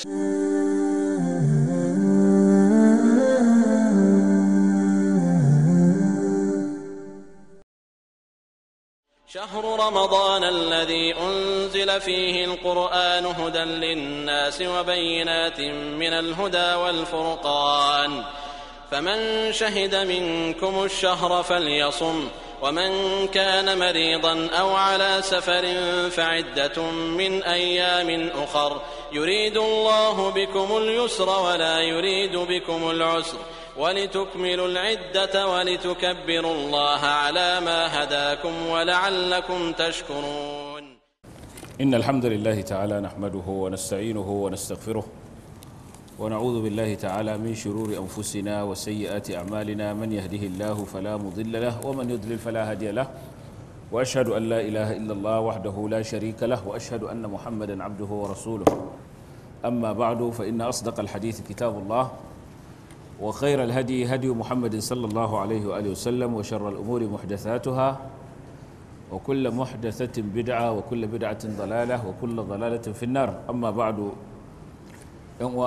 شهر رمضان الذي أنزل فيه القرآن هدى للناس وبينات من الهدى والفرقان فمن شهد منكم الشهر فليصم ومن كان مريضا أو على سفر فعدة من أيام أخر يريد الله بكم اليسر ولا يريد بكم العسر ولتكملوا العدة ولتكبروا الله على ما هداكم ولعلكم تشكرون إن الحمد لله تعالى نحمده ونستعينه ونستغفره ونعوذ بالله تعالى من شرور أنفسنا وسيئات أعمالنا من يهده الله فلا مضل له ومن يضلل فلا هادي له واشهد ان لا اله الا الله وحده لا شريك له واشهد ان محمدا عبده ورسوله اما بعد فان اصدق الحديث كتاب الله وخير الهدي هدي محمد صلى الله عليه واله وسلم وشر الامور محدثاتها وكل محدثه بدعه وكل بدعه ضلاله وكل ضلاله في النار اما بعد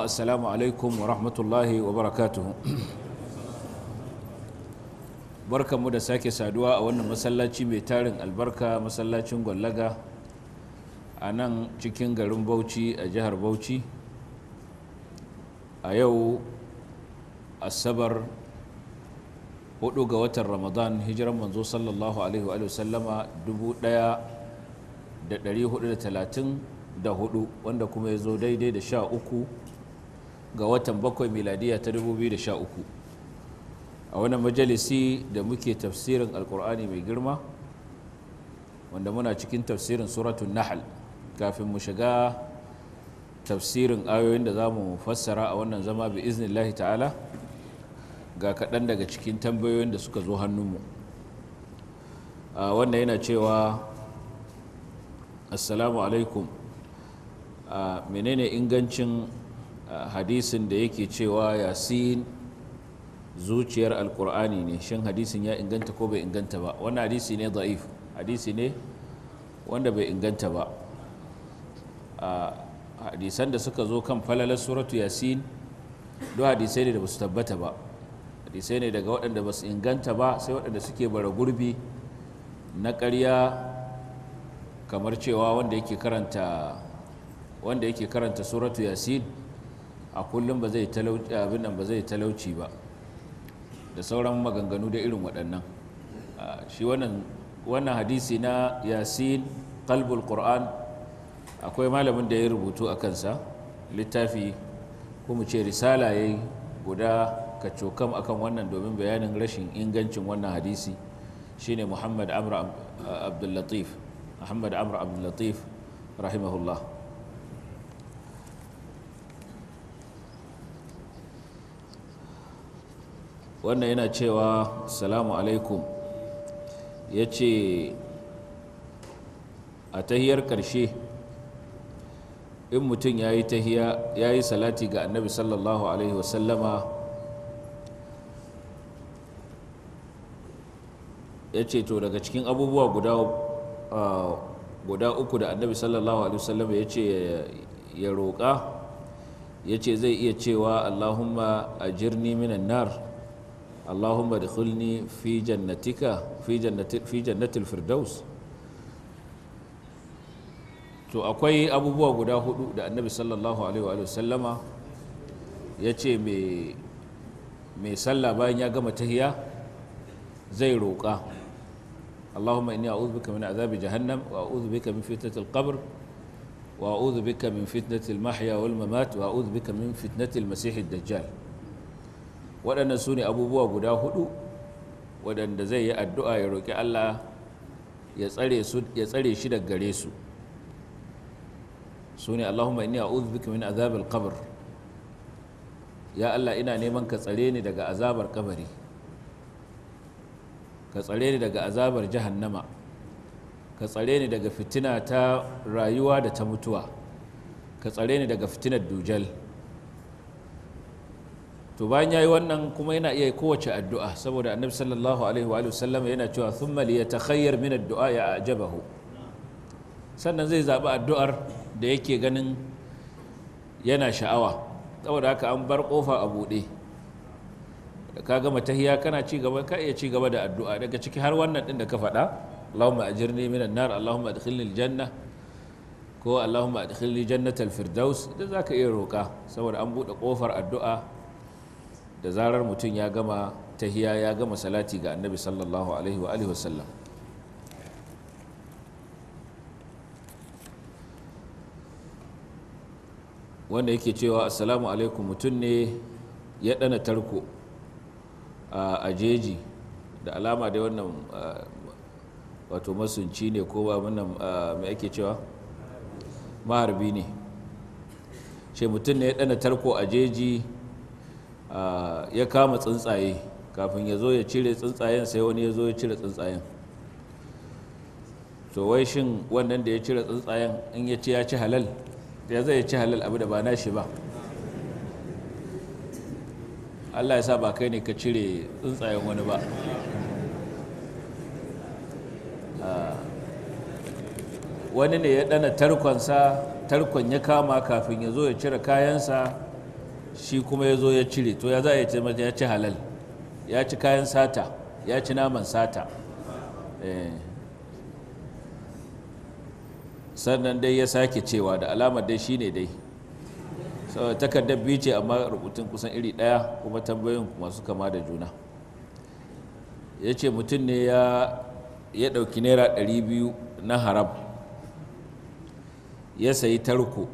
السلام عليكم ورحمه الله وبركاته barkanmu da sake saduwa a wannan masallaci mai tarin albarka masallacin gwallaga a nan cikin garin bauchi a jihar bauchi a yau asabar 4 ga watan ramadan hijiran manzo sallallahu alaihi wa sallama 1434 wanda kuma ya zo daidai da 13 ga watan bakwai miladiya ta 2013 a wani majalisi da muke tafsirin alkur'ani mai girma wanda muna cikin tafsirin suratun nahal kafin mu shiga tafsirin ayoyin da za mu fassara a wannan zama bi iznillahi ta'ala ga kaɗan daga cikin tambayoyin da suka zo hannunmu wannan yana cewa assalamu alaikum menene ingancin hadisin da yake cewa yasin zuciyar alkur'ani ne shin hadisin ya inganta ko bai inganta ba wani hadisi ne da'if hadisi ne wanda bai inganta ba hadisan da suka zo kan falalar suratu yasin duk hadisai ne da ba su tabbata ba hadisai ne daga waɗanda ba su inganta ba sai waɗanda suke bara gurbi na ƙarya kamar cewa wanda yake karanta wanda yake karanta suratu yasin a kullum ba zai talauci abin nan ba zai talauci ba da sauran maganganu da irin waɗannan shi wannan hadisi na yasin kalbul ƙoran akwai malamin da ya rubutu a kansa littafi kuma ce risala ya guda kacokam akan wannan domin bayanin rashin ingancin wannan hadisi shine muhammad amr abdullatif muhammad abdullatif rahimahullah wannan yana cewa salamu alaikum ya ce a tahiyar ƙarshe in mutum ya yi tahiya ya yi salati ga annabi sallallahu alaihi wasallama ya ce to daga cikin abubuwa guda uku da annabi sallallahu alaihi wasallama ya ce ya roƙa ya ce zai iya cewa allahumma ajirni minan nar اللهم ادخلني في جنتك في جنة في جنة الفردوس to akwai abubuwa guda huɗu da annabi sallallahu alaihi wa sallama ya mai sallah bayan ya gama tahiya zai roƙa allahumma inni a'udhu bika min azabi jahannam wa a'udhu bika min fitnatil qabr wa a'udhu bika min fitnatil mahya wal mamat wa a'udhu bika dajjal waɗannan su ne abubuwa guda hudu waɗanda zai yi addu'a ya roƙi Allah ya tsare shi daga gare su su ne Allahumma inni a'udhu bika min azabil qabr ya Allah ina neman ka tsare ni daga azabar kabari ka tsare ni daga azabar jahannama ka tsare ni daga fitina ta rayuwa da ta mutuwa ka tsare ni daga fitinar dujal to bayan yayi wannan kuma yana iya kowace addu'a saboda annabi sallallahu alaihi wa sallam yana cewa thumma liyatakhayyar min ad-du'a ya ajabahu sannan zai zabi addu'ar da yake ganin yana sha'awa saboda haka an bar kofa a buɗe ka gama tahiya kana ci gaba ka iya ci gaba da addu'a daga ciki har wannan din da ka faɗa اللهم minan من allahumma اللهم أدخلني janna ko Allahumma adkhilni jannatal firdaus da zaka iya roka saboda an bude kofar addu'a da zarar mutum ya gama tahiya ya gama salati ga annabi sallallahu alaihi wa alihi wasallam wanda yake cewa assalamu alaikum mutum ne ya dana tarko a jeji da alama dai wannan wato masunci ne ko ba wannan mai ake cewa maharbi ne ce mutum ne ya dana tarko a jeji Ah, ya kama tsuntsaye kafin ya zo ya cire tsuntsayen sai wani ya zo ya cire tsuntsayen to wai shin wannan da ya cire tsuntsayen in ya ci ya ci halal ya zai ci halal abu da ba na shi ba Allah ya sa ba kai ne ka cire tsuntsayen wani ba ah, wani ne ya dana tarkonsa tarkon ya kama kafin ya zo ya cire kayansa shi kuma ya zo ya cire to ya za a yi ya ci halal ya ci kayan sata ya ci naman sata eh. sannan dai ya sake cewa da alamar dai shine dai takardar biyu ce amma rubutun kusan iri ɗaya kuma tambayoyin masu kama da juna ya ce mutum ne ya ɗauki naira 200 na haram ya sayi tarko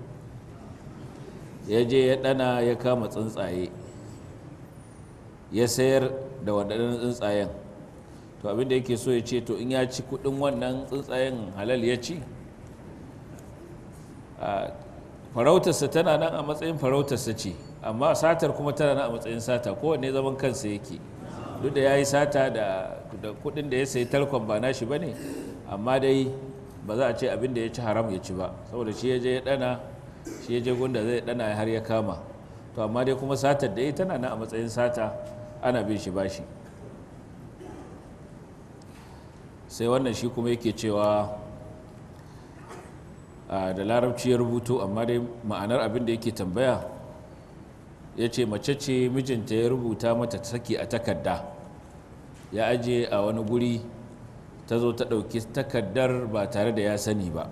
ya je ya ɗana ya kama tsuntsaye ya sayar da waɗannan tsuntsayen to abinda yake so ya ce to in ya ci kuɗin wannan tsuntsayen halal ya ci farautarsa tana nan a matsayin farautarsa ce amma satar kuma tana nan a matsayin sata kowanne zaman kansa yake duk da ya yi sata da kuɗin da ya sayi talkon ba nashi ba ne amma dai ba za a ce abin da ya ci haram ya ci ba saboda shi ya je ya ɗana shi ya je gunda zai dana har ya kama to amma dai kuma satar da ya tana na a matsayin sata ana bin shi bashi sai wannan shi kuma yake cewa da larabci ya rubuto amma dai ma'anar abin da yake tambaya ya ce mace ce mijinta ya rubuta mata saki a takarda ya aje a wani guri ta zo ta ɗauki takardar ba tare da ya sani ba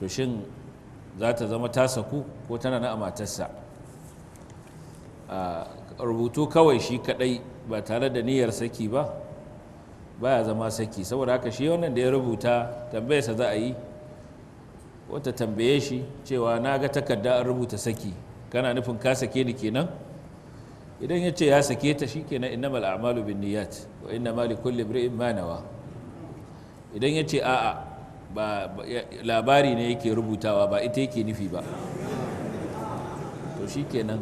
to shin za ta zama ta saku ko tana na amatarsa a rubutu kawai shi kadai ba tare da niyyar saki ba baya zama saki saboda haka shi wannan da ya rubuta tambayarsa za a yi wata tambaye shi cewa na ga takarda an rubuta saki kana nufin ka sake ni kenan idan ya ce ya sake ta shi kenan innamal mal'amalu bin niyyat wa innamal mali kulle ma manawa? idan ya ce a'a ba labari ne yake rubutawa ba ita yake nufi ba to shikenan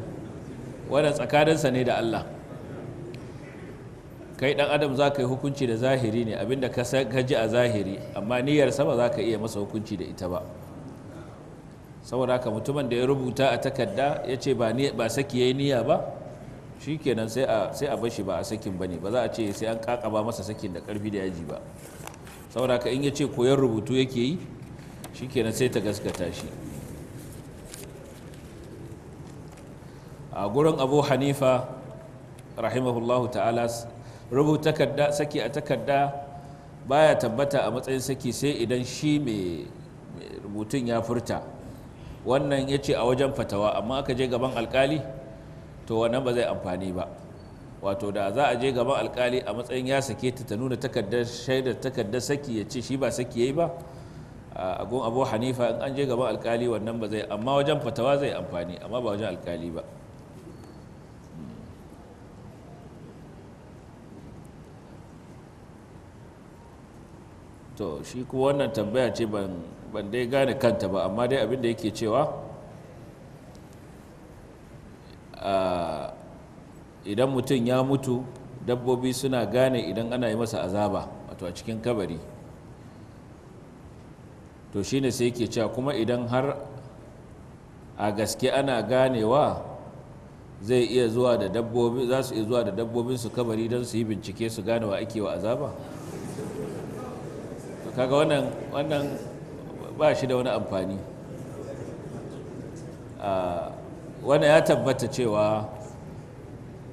wadda tsakaninsa ne da Allah kai dan adam za ka yi hukunci da zahiri ne abinda ka ji a zahiri amma niyyar sama za ka iya masa hukunci da ita ba saboda haka mutumin da ya rubuta a takarda ya ce ba saki ya yi niyya ba shi kenan sai a bashi ba a sakin ba ne ba za a ce sai an kakaba masa sakin da karfi da yaji ba saboda ka in ya ce koyon rubutu yake yi shi kenan sai ta gaskata shi a gurin abu hanifa rahimahullahu ta'ala rubuta saki a takarda baya tabbata a matsayin saki sai idan shi mai rubutun ya furta wannan ya ce a wajen fatawa amma aka je gaban alkali to wannan ba zai amfani ba wato da za a je gaban alkali a matsayin ya sake ta ta nuna takardar shaidar takardar saki ya ce shi ba saki yayi ba a gun abu hanifa in an je gaban alkali wannan ba zai amma wajen fatawa zai amfani amma ba wajen alkali ba to shi kuwa wannan tambaya ce ban dai gane kanta ba amma dai abin da yake cewa idan mutum ya mutu dabbobi suna gane idan ana yi masa azaba wato a cikin kabari to shine sai ke cewa kuma idan har a gaske ana ganewa zai iya zuwa da dabbobi za su iya zuwa da dabbobin su kabari don su yi bincike su gane wa ake wa azaba to kaga wannan wannan ba shi da wani amfani ah, wannan ya tabbata cewa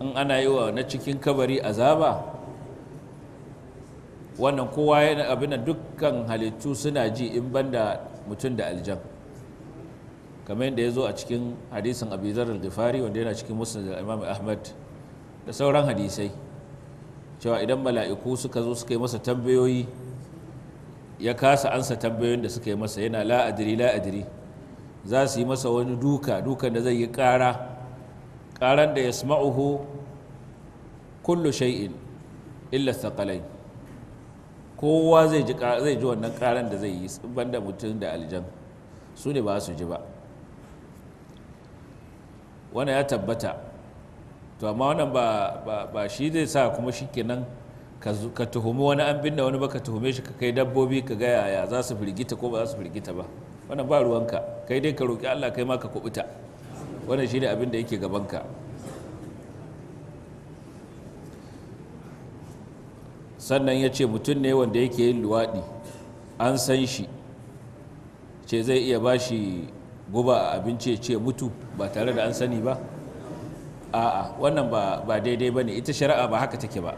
in ana yi wa na cikin kabari azaba wannan kowa yana abin da dukkan halittu suna ji in banda mutum da aljan kamar yadda ya zo a cikin hadisin abizar al gifari wanda yana cikin musulun da imam ahmad da sauran hadisai cewa idan mala'iku suka zo suka yi masa tambayoyi ya kasa ansa tambayoyin da suka yi masa yana la'adiri la'adiri za su yi masa wani duka dukan da zai yi kara. karan da ya yasma'uhu kullu shay'in illa saƙalai kowa zai ji wannan ƙaran da zai yi banda mutum da aljan su ne ba su ji ba wannan ya tabbata to amma wannan ba shi zai sa kuma shikenan ka tuhumi wani an binne wani ba ka tuhume shi ka kai dabbobi ka ga yaya za su firgita ko ba za su firgita ba wannan ba ruwanka kai dai ka roki Allah kai ma ka kubuta wannan shi ne abin da yake ka sannan ya ce mutum ne wanda yake yin luwaɗi an san shi ce zai iya ba shi guba a abinci ya ce mutu ba tare da an sani ba a'a wannan ba daidai ba ne ita shari'a ba haka take ba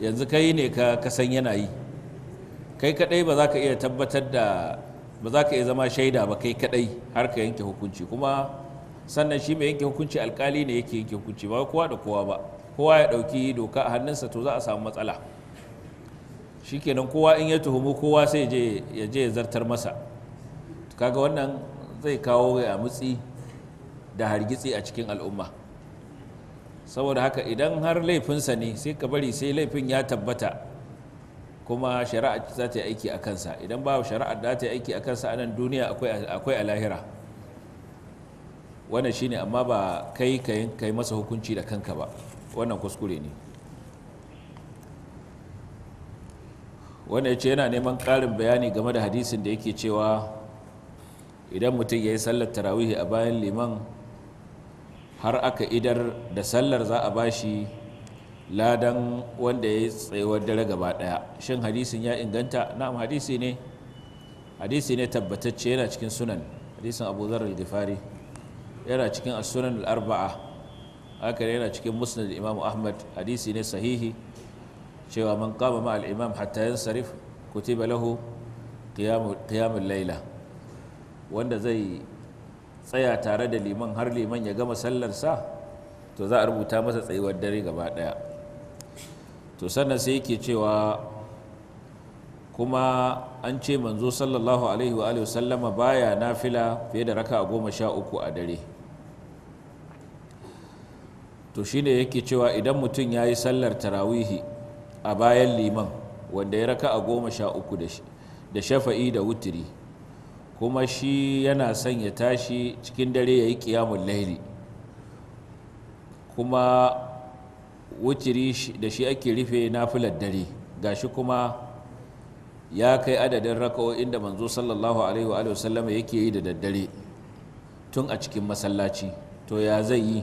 yanzu kai ne ka kasan yana yi kai kadai ba za ka iya tabbatar da ba za ka iya zama shaida ba kai kadai har ka yanke hukunci kuma sannan shi mai yanke hukunci alkali ne yake yanke hukunci ba kowa da kowa ba kowa ya dauki doka a hannunsa to za a samu matsala shi shikenan kowa in ya tuhumu kowa sai ya je ya zartar masa kaga wannan zai kawo ya mutsi da hargitsi a cikin al'umma saboda haka idan har laifinsa ne sai ka bari sai laifin ya tabbata kuma shari'a za ta yi aiki a kansa idan ba shari'a za ta yi aiki a kansa a nan duniya akwai a lahira wannan shine amma ba kai ka yi masa hukunci da kanka ba wannan kuskure ne wannan ce yana neman karin bayani game da hadisin da yake cewa idan mutum ya yi sallar tarawihi a bayan liman har aka idar da sallar za a bashi ladan wanda ya yi tsayuwar dare gaba ɗaya shin hadisin ya inganta na'am hadisi ne hadisi ne tabbatacce yana cikin sunan hadisin abu zarar gifari yana cikin as arbaa haka yana cikin musnad imam ahmad hadisi ne sahihi cewa man qama ma al-imam hatta yansarif kutiba lahu qiyamul laila wanda zai tsaya tare da liman har liman ya gama sallar sa to za a rubuta masa tsayuwar dare gaba daya to sannan sai yake cewa kuma an ce manzo sallallahu alaihi wa alihi sallama baya nafila fiye da raka goma sha uku a dare to shine yake cewa idan mutum ya yi sallar tarawihi a bayan liman wanda ya raka a goma sha uku da shafa'i da wutiri kuma shi yana son ya tashi cikin dare ya yi ƙiyamun laili kuma wutiri da shi ake rufe nafilar dare gashi kuma ya kai adadin raka'o'in da manzo sallallahu alaihi wa sallam yake yi da daddare tun a cikin masallaci to ya zai yi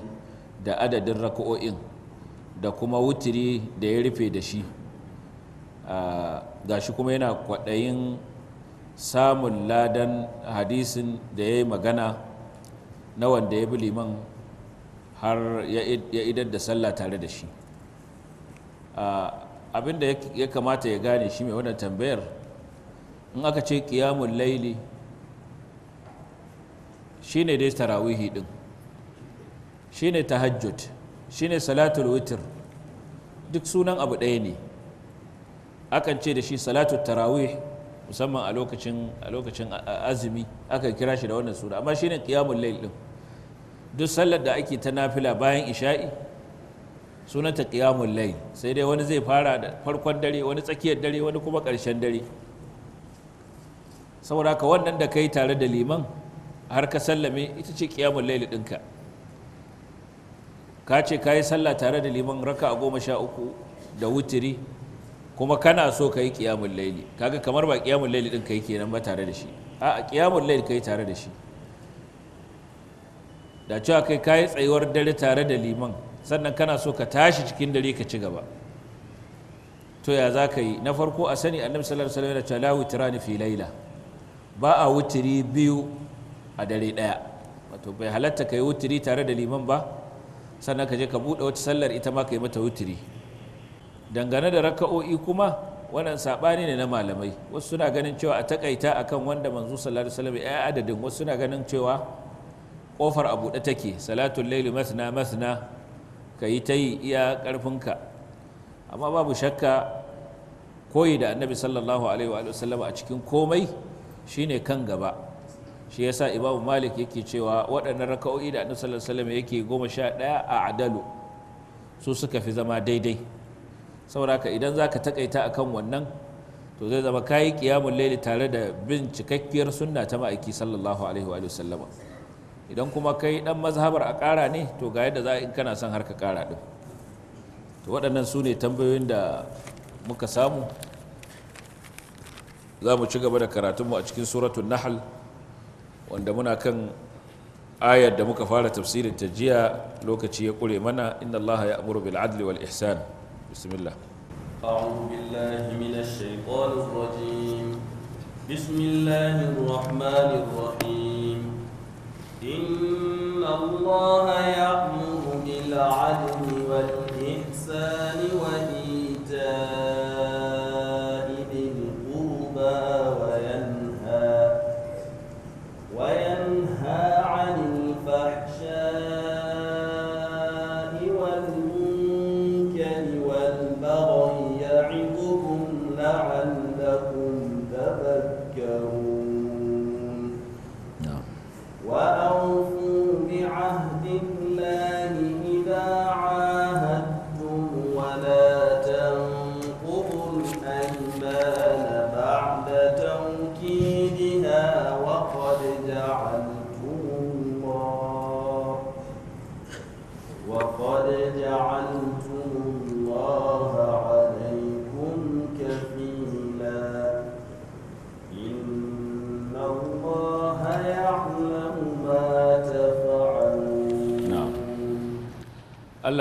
da adadin raka'o'in da kuma wutiri da ya rufe da shi gashi kuma yana kwaɗayin samun ladan hadisin da ya yi magana na wanda ya bi liman har ya idar da sallah tare da shi abin da ya kamata ya gane shi mai wannan tambayar in aka ce ƙiyamun laili shi ne dai tarawihi ɗin shi ne tahajjud shi ne salatul witir duk sunan abu ɗaya ne akan ce da shi salatul tarawih musamman a lokacin azumi aka kira shi da wannan suna amma shi ne ƙiyamun laili din duk sallar da ake ta nafila bayan isha'i sunanta ƙiyamun laili sai dai wani zai fara da farkon dare wani tsakiyar dare wani kuma ƙarshen dare saboda ka wannan da kai tare da liman har ka sallame ita ce kiyamun laili ɗinka ka ce ka yi sallah tare da liman raka a goma sha uku da wutiri kuma kana so ka yi kiyamun laili kaga kamar ba kiyamun laili ɗinka yake yi kenan ba tare da shi a kiyamun laili ka yi tare da shi da cewa kai ka yi tsayuwar dare tare da liman sannan kana so ka tashi cikin dare ka ci gaba to ya za ka yi na farko a sani annabi sallallahu alaihi wasallam yana ce la witrani fi laila ba a wutiri biyu a dare ɗaya wato bai halatta ka yi wutiri tare da liman ba sannan ka je ka buɗe wata sallar ita ma ka yi mata wutiri dangane da raka'o'i kuma wannan saɓani ne na malamai wasu suna ganin cewa a takaita akan wanda manzo sallallahu alaihi wasallam ya adadin wasu suna ganin cewa kofar a buɗe take salatul laili masna masna ka yi ta yi iya ƙarfinka amma babu shakka koyi da annabi sallallahu alaihi wa a cikin komai shine kan gaba shi yasa imamu malik yake cewa waɗannan raka'o'i da annabi sallallahu alaihi yake goma sha ɗaya a adalu su suka fi zama daidai saboda idan za ka takaita a kan wannan to zai zama kayi ƙiyamun laili tare da bin cikakkiyar sunna ta ma'aiki sallallahu alaihi wa sallama idan kuma kai ɗan mazhabar a ƙara ne to ga yadda za in kana son har ƙara ɗin to waɗannan su ne tambayoyin da muka samu za mu ci gaba da karatunmu a cikin suratun nahal wanda muna kan ayar da muka fara tafsirin ta jiya lokaci ya kure mana inna allaha ya amuru bil adli wal ihsan bismillah أعوذ بالله من الشيطان الرجيم بسم الله الرحمن الرحيم إن الله يأمر بالعدل والإحسان وإحسان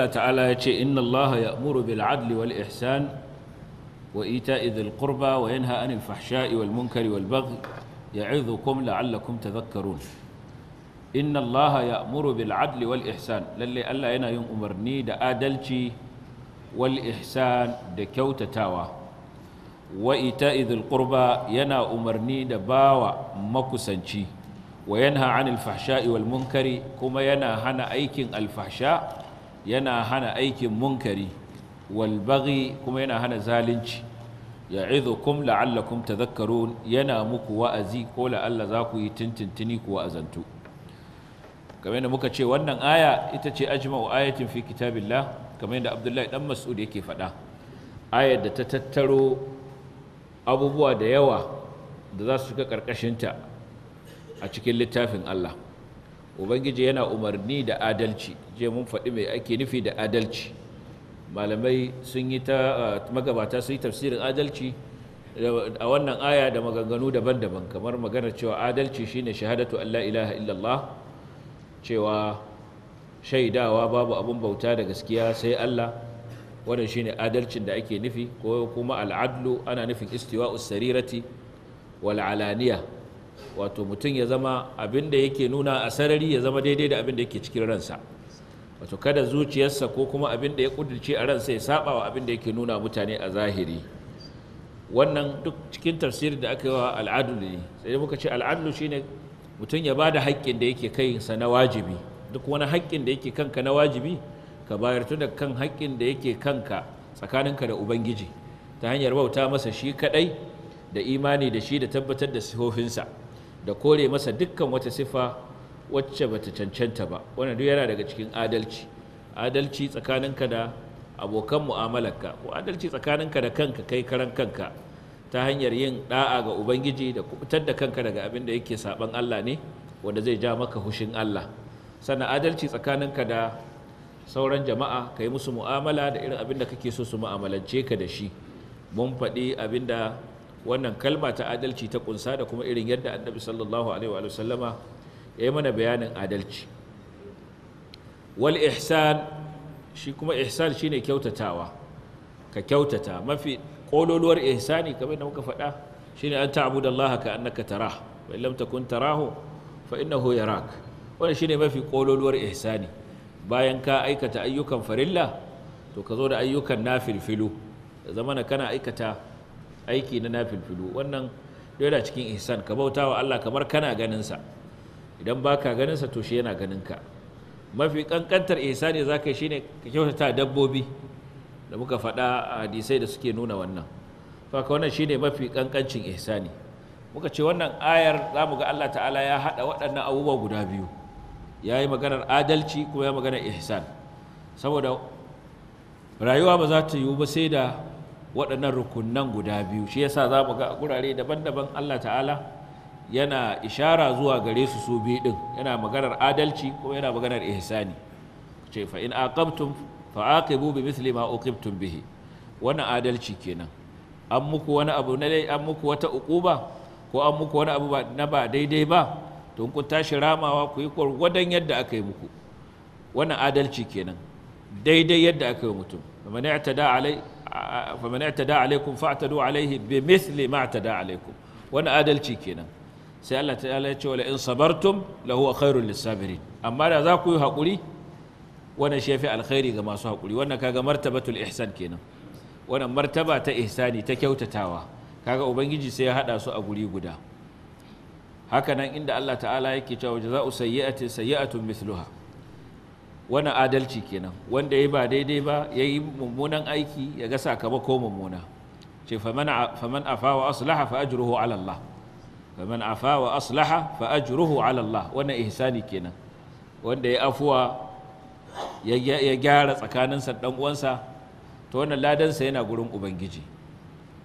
Allah ta'ala ya ce inna Allah ya'muru bil adli wal ihsan wa ita dhil qurba wa yanha 'anil fahsha'i wal munkari wal baghi ya'idhukum la'allakum tadhakkarun inna Allah ya'muru bil adli wal ihsan lalle Allah yana yin umarni da adalci wal ihsan da kyautatawa wa ita dhil qurba yana umarni da bawa makusanci wa yanha 'anil fahsha'i wal munkari kuma yana hana aikin al fahsha' yana hana aikin munkari wal kuma yana hana zalunci ya'idhukum la'allakum tadhakkarun yana muku wa'azi ko la'alla za ku yi tintintini ku wa'azantu kamar yadda muka ce wannan aya ita ce ajma'u ayatin fi kitabillah kamar yadda Abdullahi dan Mas'ud yake faɗa ayar da ta tattaro abubuwa da yawa da za su shiga ƙarƙashinta a cikin littafin Allah ubangiji yana umarni da adalci je mun faɗi mai ake nufi da adalci malamai sun yi ta magabata sun yi tafsirin adalci a wannan aya da maganganu daban-daban kamar maganar cewa adalci shine shahadatu Allah ilaha illallah cewa shaidawa babu abun bauta da gaskiya sai Allah wannan shine adalcin da ake nufi ko kuma al'adlu ana nufin istiwa'us sarirati wal alaniya wato mutum ya zama abin da yake nuna a sarari ya zama daidai da abin da yake cikin ransa wato kada zuciyarsa ko kuma abin da ya kudurce a ransa ya saba wa abin da yake nuna mutane a zahiri wannan duk cikin tafsir da aka yi wa al'adu ne sai muka ce al'adu shine mutum ya bada haƙƙin da yake kansa na wajibi duk wani haƙƙin da yake kanka na wajibi ka bayar da kan haƙƙin da yake kanka tsakaninka da ubangiji ta hanyar bauta masa shi kadai da imani da shi da tabbatar da sihofinsa da kore masa dukkan wata sifa wacce bata cancanta ba wannan duk yana daga cikin adalci adalci tsakaninka da abokan mu'amalarka ko adalci tsakaninka da kanka kai karan kanka ta hanyar yin da'a ga ubangiji da kubutar da kanka daga abin da yake saban Allah ne wanda zai ja maka hushin Allah sannan adalci tsakaninka da sauran jama'a ka yi musu mu'amala da irin abin da kake so su mu'amalance ka da shi mun faɗi abin da wannan kalma ta adalci ta kunsa da kuma irin yadda annabi sallallahu alaihi wa sallama ya yi mana bayanin adalci wal ihsan shi kuma ihsan shine kyautatawa ka kyautata mafi ƙololuwar ihsani kamar da muka faɗa shine an ta'budallaha ka annaka tarah wa illam takun tarahu fa innahu yarak wannan shine mafi kololuwar ihsani bayan ka aikata ayyukan farilla to ka zo da ayyukan nafilfilu da zamana kana aikata aiki na nafilfilu wannan yana cikin ihsan ka bauta wa Allah kamar kana ganin sa idan baka ganin sa to shi yana ganin ka mafi kankantar ihsani zaka shi shine ka kyautata dabbobi da muka faɗa hadisai da suke nuna wannan faka wannan shine mafi kankancin ihsani muka ce wannan ayar zamu ga Allah ta'ala ya hada waɗannan abubuwa guda biyu yayi maganar adalci kuma ya maganar ihsan saboda rayuwa ba za ta yiwu ba sai da waɗannan rukunan guda biyu shi yasa za mu ga a gurare daban-daban Allah ta'ala yana ishara zuwa gare su su biyu ɗin yana maganar adalci kuma yana maganar ihsani ce fa in aqabtum fa aqibu bi misli ma uqibtum bihi wannan adalci kenan an muku wani abu na dai an muku wata uquba ko an muku wani abu na ba daidai ba to kun tashi ramawa ku yi gwargwadon yadda aka yi muku wannan adalci kenan daidai yadda aka yi mutum ta da alai faman i'tada alaikum fa'tadu adalci kenan sai Allah ta'ala ya ce wala in sabartum lahu khairul lisabirin amma da za ku yi hakuri wannan shi yafi alkhairi ga masu hakuri wannan kaga martabatul ihsan kenan wannan martaba ta ihsani ta kyautatawa kaga ubangiji sai ya hada su a guri guda haka nan inda Allah ta'ala yake cewa jaza'u sayyi'atin sayyi'atun misluha. wannan adalci kenan wanda ya ba daidai ba ya yi mummunan aiki ya ga sakamako mummuna ce faman afa wa aslaha fa ajruhu ala Allah faman afa wa aslaha fa ajruhu ala Allah wannan ihsani kenan wanda ya afuwa ya gyara tsakaninsa dan uwansa to wannan ladansa yana gurin ubangiji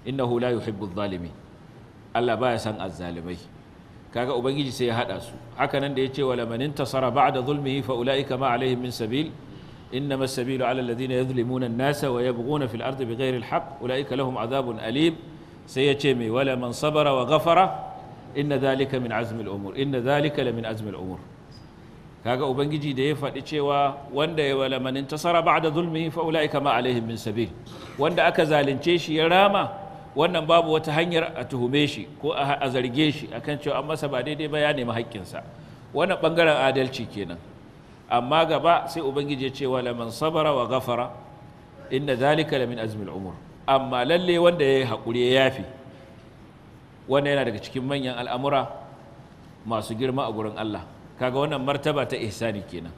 innahu la yuhibbu zalimi Allah baya san azzalimai kaga ubangiji sai ya hada su haka nan da ya ce wala man intasara ba'da zulmihi fa ulaika ma alaihim min sabil إنما السبيل على الذين يظلمون الناس ويبغون alim sai ya ce أولئك wala man sabara wa ولا من صبر وغفر إن ذلك umur, عزم الأمور إن min لمن عزم الأمور kaga ubangiji da ya faɗi cewa wanda ya wala man intasara ba'da zulmihi fa ulaika ma alaihim min sabil wanda aka zalunce shi ya rama wannan babu wata hanyar a tuhume shi ko a zarge shi akan cewa an masa ba daidai ba ya nemi haƙƙinsa wannan ɓangaren adalci kenan amma gaba sai ubangiji ya ce wa laman sabara wa gafara inna zalika lamin azmil umur amma lalle wanda ya yi haƙuri ya yafi Wannan yana daga cikin manyan al'amura masu girma a gurin Allah kaga wannan martaba ta ihsani kenan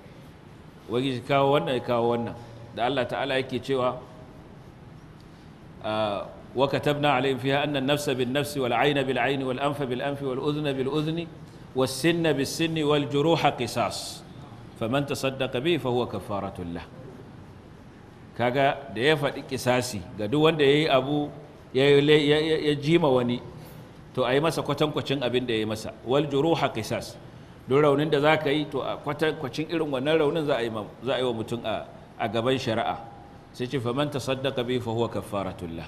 ubangiji kawo wannan ya kawo wannan da Allah ta'ala yake cewa ah, وكتبنا عليهم فيها أن النفس بالنفس والعين بالعين والأنف بالأنف والأذن بالأذن والسن بالسن والجروح قصاص فمن تصدق به فهو كفارة له كذا ده يفعل قصاصي قدو ده يهي أبو يجيم وني تو أي مسا قتن قتن أبين ده مسا والجروح قصاص دو رونين ده ذاك أي تو قتن قتن إلوم ونال رونين ذا أي مم ذا أي ومتن أغبان شرعة سيتي فمن تصدق به فهو كفارة الله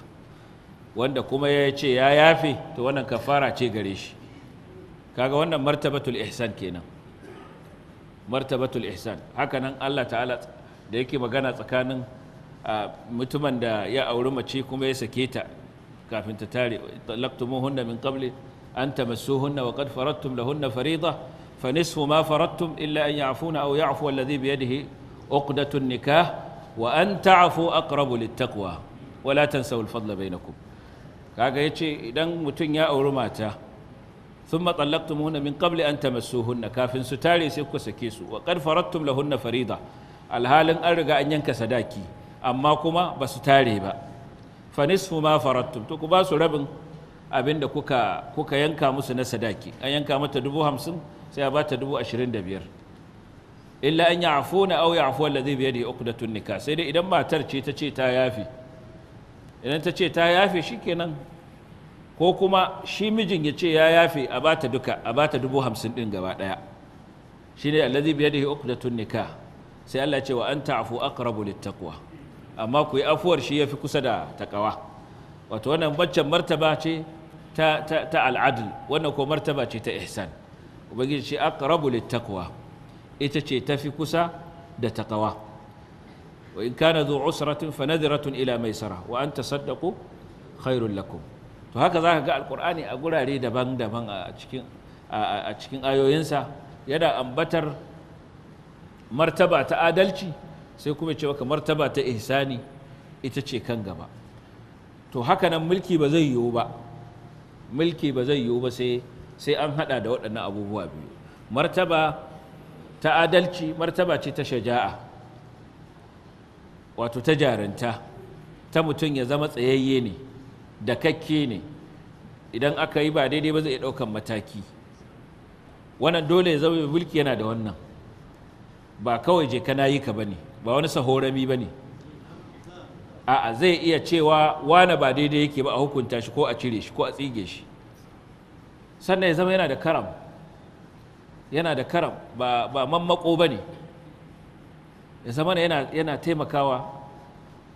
wanda kuma ya ce ya yafe to wannan kafara ce gare shi kaga wannan martabatul ihsan kenan martabatul ihsan haka nan Allah ta'ala da yake magana tsakanin mutumin da ya auri mace kuma ya sake ta kafin ta tare talaktumuhunna min qabli an tamassuhunna wa qad faradtum lahunna farida fa nisfu ma faradtum illa an ya'funa aw ya'fu alladhi bi yadihi uqdatun nikah wa an ta'fu aqrabu lit taqwa wa la kaga yace idan mutum ya auri mata thumma tallaqtumuhunna min kabli an hunna kafin su tare sai kuka sake su wa qad faradtum lahunna farida alhalin an riga an yanka sadaki amma kuma ba su tare ba fa ma faradtum to ku ba su rabin abin da kuka kuka yanka musu na sadaki an yanka mata dubu hamsin sai a bata dubu ashirin da biyar illa an ya'funa aw ya'fu alladhi bi yadihi uqdatun nikah sai dai idan matar ce ta ce ta yafi idan ta ce ta yafe shi kenan ko kuma shi mijin ya ce ya yafe a bata duka a bata dubu hamsin ɗin gaba ɗaya shi ne allazi biyadihi da tunnika sai Allah ce wa an ta'fu aqrabu littaqwa amma ku yi afuwar shi ya fi kusa da takawa wato wannan baccan martaba ce ta ta, ta wannan ko martaba ce ta ihsan ubangiji ce aqrabu littaqwa ita ce tafi kusa da takawa wa in kana dhu usratin fa nadratun ila maisara wa an tasaddaqu khairul lakum to haka zaka ga alqur'ani a gurare daban-daban a cikin a cikin ayoyinsa yana ambatar martaba ta adalci sai kuma ce maka martaba ta ihsani ita ce kan gaba to haka nan mulki ba zai yiwu ba mulki ba zai yiwu ba sai an haɗa da waɗannan abubuwa biyu martaba ta adalci martaba ce ta shaja'a wato ta jarinta ta mutum ya zama tsayayye ne da kakke ne idan aka yi ba daidai ba zai iya ɗaukan mataki wannan dole ya zama mulki yana da wannan ba kawai je kana yi ka ba ne ba wani sahorami ba ne a'a zai iya cewa wane ba daidai yake ba a hukunta shi ko a cire shi ko a tsige shi sannan ya zama yana da karam yana da karam ba, ba mammako ba ne ya zama yana yana taimakawa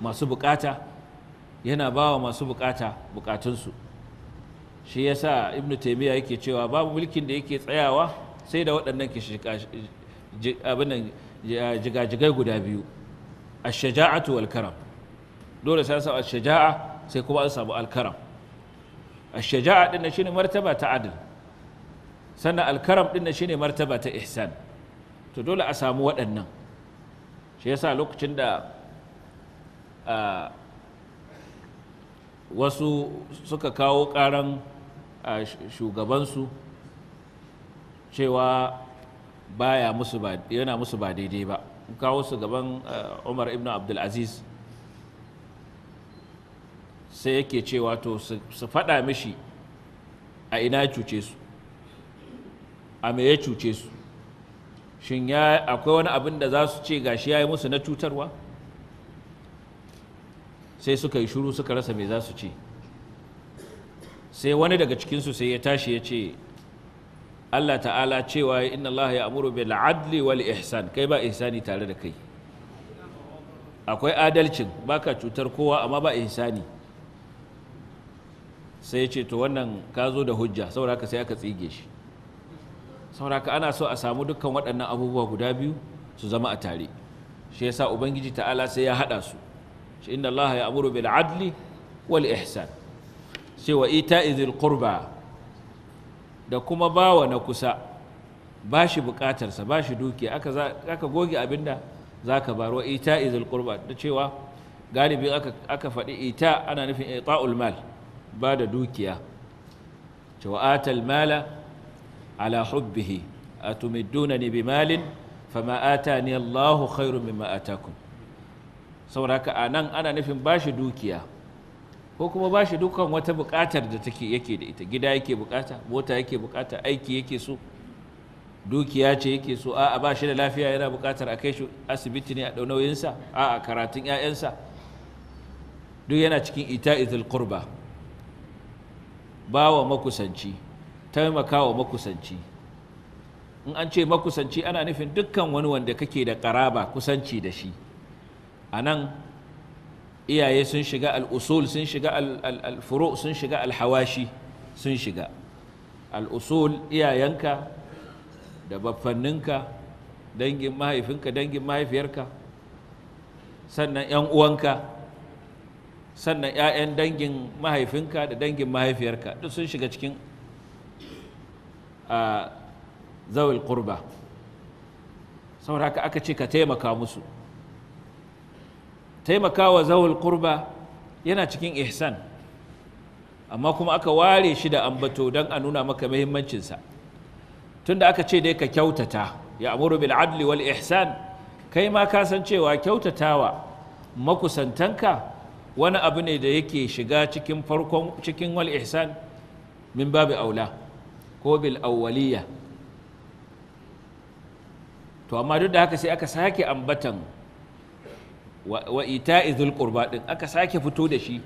masu bukata yana bawa masu bukata bukatunsu shi sa Ibn Taimiyya yake cewa babu mulkin da yake tsayawa sai da waɗannan abinan jigajigai guda biyu ash-shaja'atu wal karam dole sai samu ash-shaja'a sai kuma an samu al-karam ash ɗin shi ne martaba ta adl sannan al ɗin shi ne martaba ta ihsan to dole a samu waɗannan shi yasa lokacin da wasu suka kawo karan shugabansu cewa baya musu ba yana musu ba daidai ba kawo su gaban umar ibn abdulaziz sai yake cewa to su faɗa mishi a ina cuce su a me ya cuce su shin ya akwai wani abin da za su ce gashi ya yi musu na cutarwa sai suka yi shuru suka rasa me za su ce sai wani daga cikinsu sai ya tashi ya ce Allah ta'ala cewa inna Allah ya amuru bil adli wal ihsan kai ba ihsani tare da kai akwai adalcin baka cutar kowa amma ba ihsani sai ya ce to wannan ka zo da hujja saboda haka sai aka tsige shi sauraka ana so a samu dukkan waɗannan abubuwa guda biyu su zama a tare shi yasa ubangiji ta'ala sai ya haɗa su shi inda Allah ya amuru bil adli wal ihsan sai wa ita'i dhil qurba da kuma bawa na kusa ba shi bukatarsa ba shi dukiya aka goge abinda zaka bar wa ita'i dhil qurba da cewa galibi aka aka faɗi ita ana nufin ita'ul mal ba da dukiya cewa atal mala ala hubbihi atumiddunani bimalin fama atani Allahu khairu mimma sauraka saboda haka anan ana nufin bashi dukiya ko kuma bashi dukkan wata bukatar da take yake da ita gida yake bukata mota yake bukata aiki yake so dukiya ce yake so a'a ba shi da lafiya yana bukatar a kai shi asibiti ne a ɗau nauyinsa a'a karatun 'ya'yansa duk yana cikin ita izil kurba ba wa makusanci taimaka wa makusanci in an ce makusanci ana nufin dukkan wani wanda kake da karaba kusanci da shi a nan iyaye sun shiga al'usul sun shiga al'furo sun shiga alhawashi sun shiga al'usul iyayenka da baffanninka dangin mahaifinka dangin mahaifiyarka sannan 'yan uwanka sannan 'ya'yan dangin mahaifinka da dangin mahaifiyarka duk sun shiga cikin zawil qurba saboda haka aka ce ka taimaka musu taimaka wa zawil qurba yana cikin ihsan amma kuma aka ware shi da ambato don a nuna maka muhimmancinsa tunda aka ce dai ka kyautata ya amuru bil adli wal ihsan kai ma ka san cewa kyautatawa makusantanka wani abu ne da yake shiga cikin farkon cikin wal ihsan min babu aula ko bil awwaliya to amma duk da haka sai aka sake ambatan wa ita'i zul qurba din aka sake fito da shi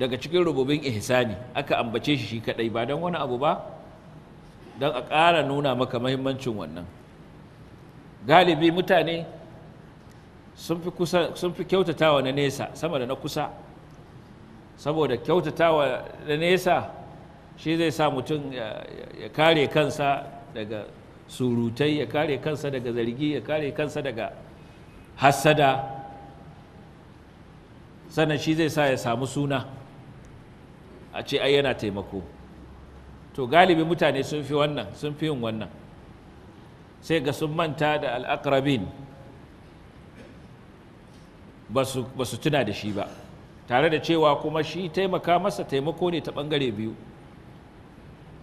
daga cikin rububin ihsani aka ambace shi shi kadai ba dan wani abu ba dan a ƙara nuna maka muhimmancin wannan galibi mutane sun fi kusa sun fi kyautatawa na nesa sama da na kusa saboda kyautatawa na nesa shi zai sa mutum ya kare kansa daga surutai ya kare kansa daga zargi ya kare kansa daga hassada sannan shi zai sa ya samu suna a ce ai yana taimako to galibi mutane sun fi wannan sun fi yin wannan sai ga sun manta da al'akrabin ba su tuna da shi ba tare da cewa kuma shi taimaka masa taimako ne ta bangare biyu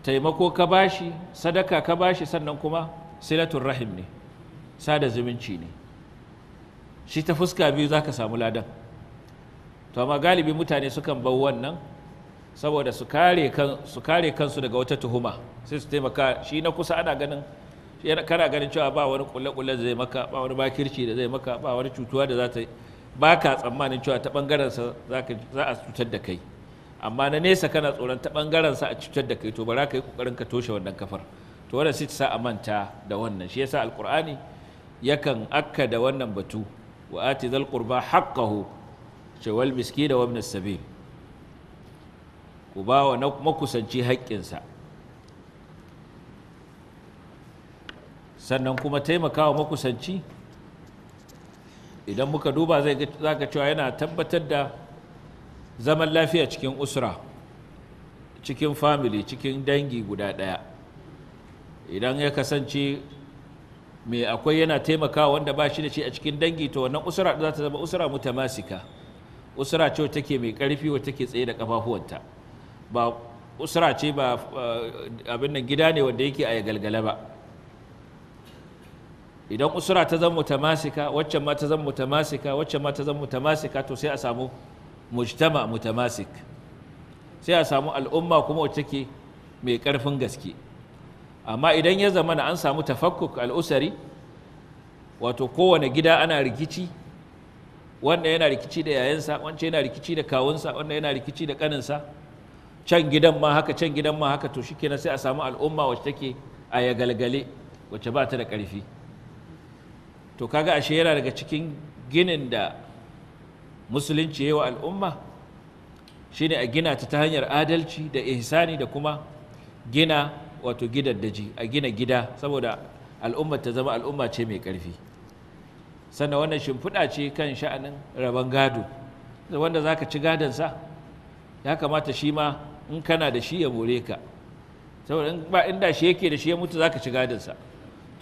taimako ka bashi sadaka ka bashi sannan kuma silatun rahim ne sada zumunci ne shi ta fuska biyu za ka samu ladan to amma galibi mutane sukan bar wannan saboda su kare kansu daga wata tuhuma sai su taimaka shi na kusa ana ganin kana ganin cewa ba wani kulle-kulle da zai maka ba wani bakirci da zai maka ba wani cutuwa da za ta yi ba ka tsammanin cewa ta bangaren sa za a cutar da kai amma na nesa kana tsoron ta bangaren sa a cutar da kai to bara ka yi kokarin ka toshe wannan kafar to wannan sai sa a manta da wannan shi yasa alqur'ani yakan akka da wannan batu wa ati zal qurba haqqahu shawal miskina wa ibn sabil ku ba wa makusanci haƙƙinsa sannan kuma taimakawa makusanci idan muka duba zai ga cewa yana tabbatar da zaman lafiya cikin usura cikin family cikin dangi guda ɗaya idan ya kasance mai akwai yana taimakawa wanda ba shi da shi a cikin dangi to wannan usura za ta zama usra mutamasika usura ce wata ke mai ƙarfi wata ke tsaye da ƙafafuwanta ba usura ce ba eh, abin nan gida ne wanda yake a galgala ba idan usura ta zama mutamasika wacce ma ta zama mutamasika wacce ma ta zama mutamasika to sai a samu mujtama mutamasik sai a samu al'umma kuma wacce take mai ƙarfin gaske amma idan ya zama an samu tafakkuk al'usari wato kowane gida ana rikici wanda yana rikici da yayansa wance yana rikici da kawunsa wanda yana rikici da kaninsa can gidan ma haka can gidan ma haka to shikenan sai a samu al'umma wacce take a ya galgale wacce ba ta da ƙarfi to kaga ashe yana daga cikin ginin da musulunci yawa al'umma shine a gina ta ta hanyar adalci da ihsani da kuma gina wato gidaddaji a gina gida saboda al'ummar ta zama al'umma ce mai ƙarfi sannan wannan shimfiɗa ce kan sha'anin rabon gado wanda za ka ci gadonsa ya kamata shi ma in kana da shi ya more ka saboda in ba inda shi yake da shi ya mutu za ka ci gadonsa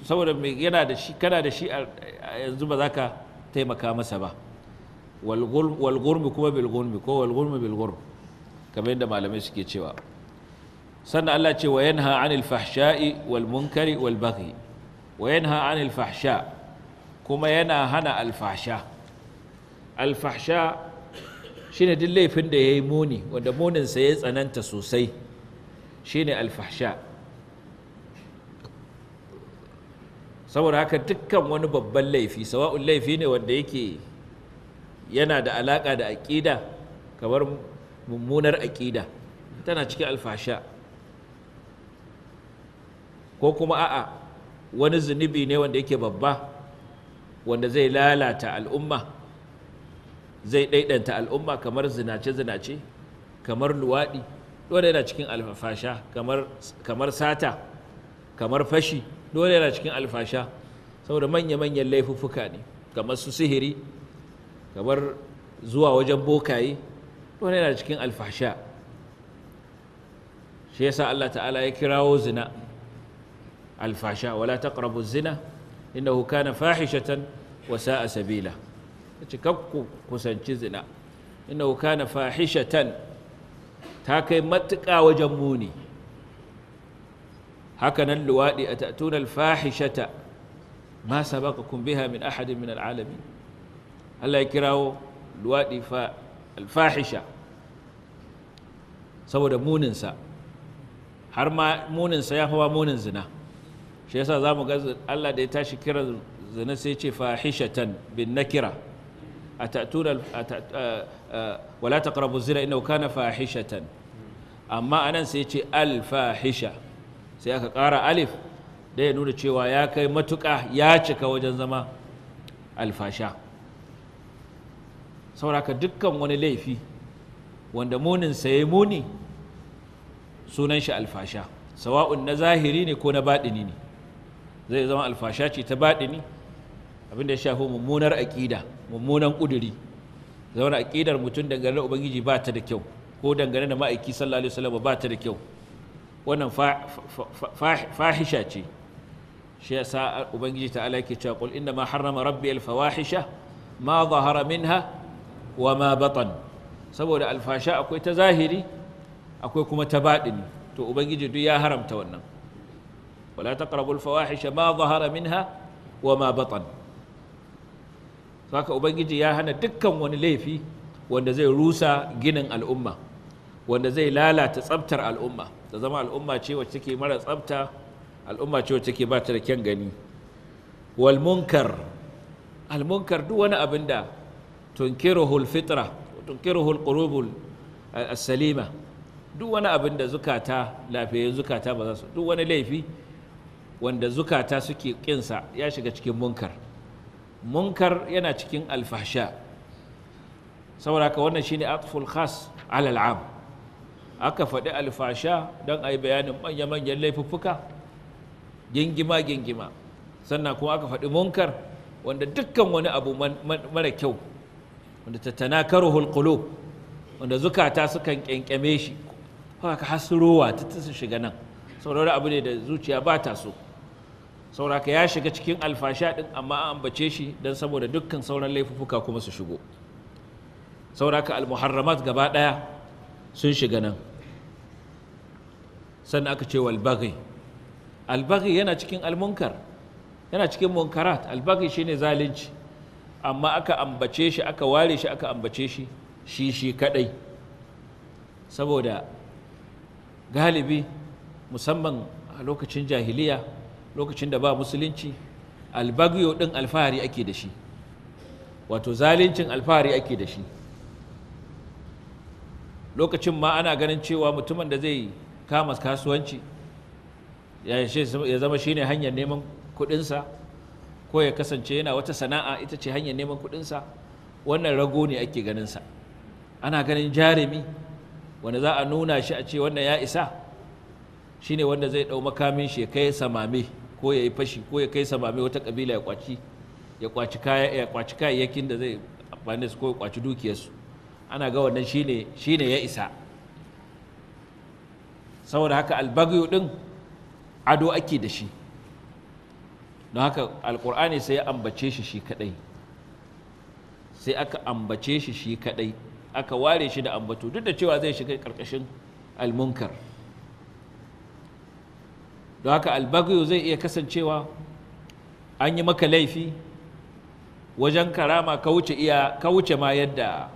saboda yana da shi kana da shi yanzu ba za ka taimaka masa ba Walgurmi kuma Bilgurmi, gurmi ko wal gurmi kamar yadda malamai suke cewa sannan Allah ce wa yanha anil fahsha'i wal munkari wal baghi wa yanha anil fahsha kuma yana hana al fahsha al fahsha shine duk laifin da yayi muni wanda munin sa ya tsananta sosai shine al fahsha saboda haka dukkan wani babban laifi sawa'un laifi ne wanda yake yana da alaƙa da aƙida kamar mummunar aƙida tana cikin alfasha ko kuma a'a wani zunubi ne wanda yake babba wanda zai lalata al'umma zai ɗaiɗanta al'umma kamar zinace-zinace kamar luwaɗi dole yana cikin alfasha kamar, kamar sata kamar fashi dole yana cikin alfasha saboda manya-manyan laifuffuka ne kamar su sihiri kamar zuwa wajen bokaye wani yana cikin alfasha shi yasa Allah ta'ala ya kirawo zina alfasha wala taqrabu zina innahu kana fahishatan wa sa'a sabila yace kakku kusanci zina innahu kana fahishatan ta kai matuƙa wajen muni haka nan luwaɗi a ta'tuna alfahishata ma sabaqakum biha min ahadin min alalamin Allah ya kirawo luwaɗi alfahisha saboda muninsa har ma muninsa ya hawa munin zina shi yasa za mu ga Allah da ya tashi kira zina sai ce fahishatan bin nakira a ta'tuna wala taqrabu zina innahu kana fahishatan amma anan sai ce alfahisha sai aka ƙara alif da ya nuna cewa ya kai matuƙa ya cika wajen zama alfasha sauraka dukkan wani laifi wanda munin saye muni sunan shi alfasha sawa'un na zahiri ne ko na baɗini ne zai zama alfasha ce ta baɗini abinda ya shafi mummunar aƙida mummunan ƙuduri zaune aƙidar mutum dangane da ubangiji ba ta da kyau ko dangane da ma'aiki sallallahu alaihi wasallam ba ta da kyau wannan fahisha ce shi yasa ubangiji ta'ala yake cewa kul inna ma harrama rabbi al fawahisha ma zahara minha wa ma batan saboda alfasha akwai ta zahiri akwai kuma ta baɗini to ubangiji duk ya haramta wannan wala taqrabu alfawahisha ma zahara minha wa ma batan saka ubangiji ya hana dukkan wani laifi wanda zai rusa ginin al'umma wanda zai lalata tsabtar al'umma ta zama al'umma ce wacce take mara tsabta al'umma ce wacce take ba ta da kyan gani wal munkar al munkar duk wani abin da tunkiruhu alfitra tunkiruhu alqulubul as-salima duk wani abin da zukata lafiyar zukata ba za su duk wani laifi wanda zukata suke kinsa ya shiga cikin munkar munkar yana cikin alfasha saboda ka wannan shine aqful khas ala al'am aka faɗi alfasha don a bayanin manya-manyan laifuffuka gingima-gingima sannan kuma aka faɗi munkar wanda dukkan wani abu mara kyau wanda tatanakaruhu alqulub wanda zukata sukan kyankyame shi haka hasurowa ta ta shiga nan saurari abu ne da zuciya ba ta so sauraka ya shiga cikin alfasha din amma an ambace shi don saboda dukkan sauran laifuffuka kuma su shigo sauraka almuharramat gaba daya sun shiga nan sannan aka ce walbagai albaghi yana cikin almunkar yana cikin munkarat albaghi shine zalunci amma aka ambace shi aka ware shi aka ambace shi shi shi kadai saboda galibi musamman a lokacin jahiliya lokacin da ba musulunci albagyo din alfahari ake da shi wato zalincin alfahari ake da shi lokacin ma ana ganin cewa mutumin da zai kama kasuwanci ya zama shine hanyar neman kudinsa ko ya kasance yana wata sana'a ita ce hanyar neman kuɗinsa wannan rago ne ake ganinsa ana ganin jarumi wanda za a nuna shi a ce wannan ya isa shi ne wanda zai ɗau makamin shi ya kai samame ko ya yi fashi ko ya kai samame wata kabila ya kwaci ya kwaci kaya ya kwaci kayayyakin da zai amfani su ko ya kwaci dukiyarsu ana ga wannan shi ne ya isa saboda haka albagiyu din ado ake da shi don haka alkur'ani sai ya ambace shi shi kadai sai aka ambace shi shi kadai aka ware shi da ambato duk da cewa zai shiga karkashin almunkar don haka albagyo zai iya kasancewa an yi maka laifi wajen karama ka wuce iya ka wuce ma yadda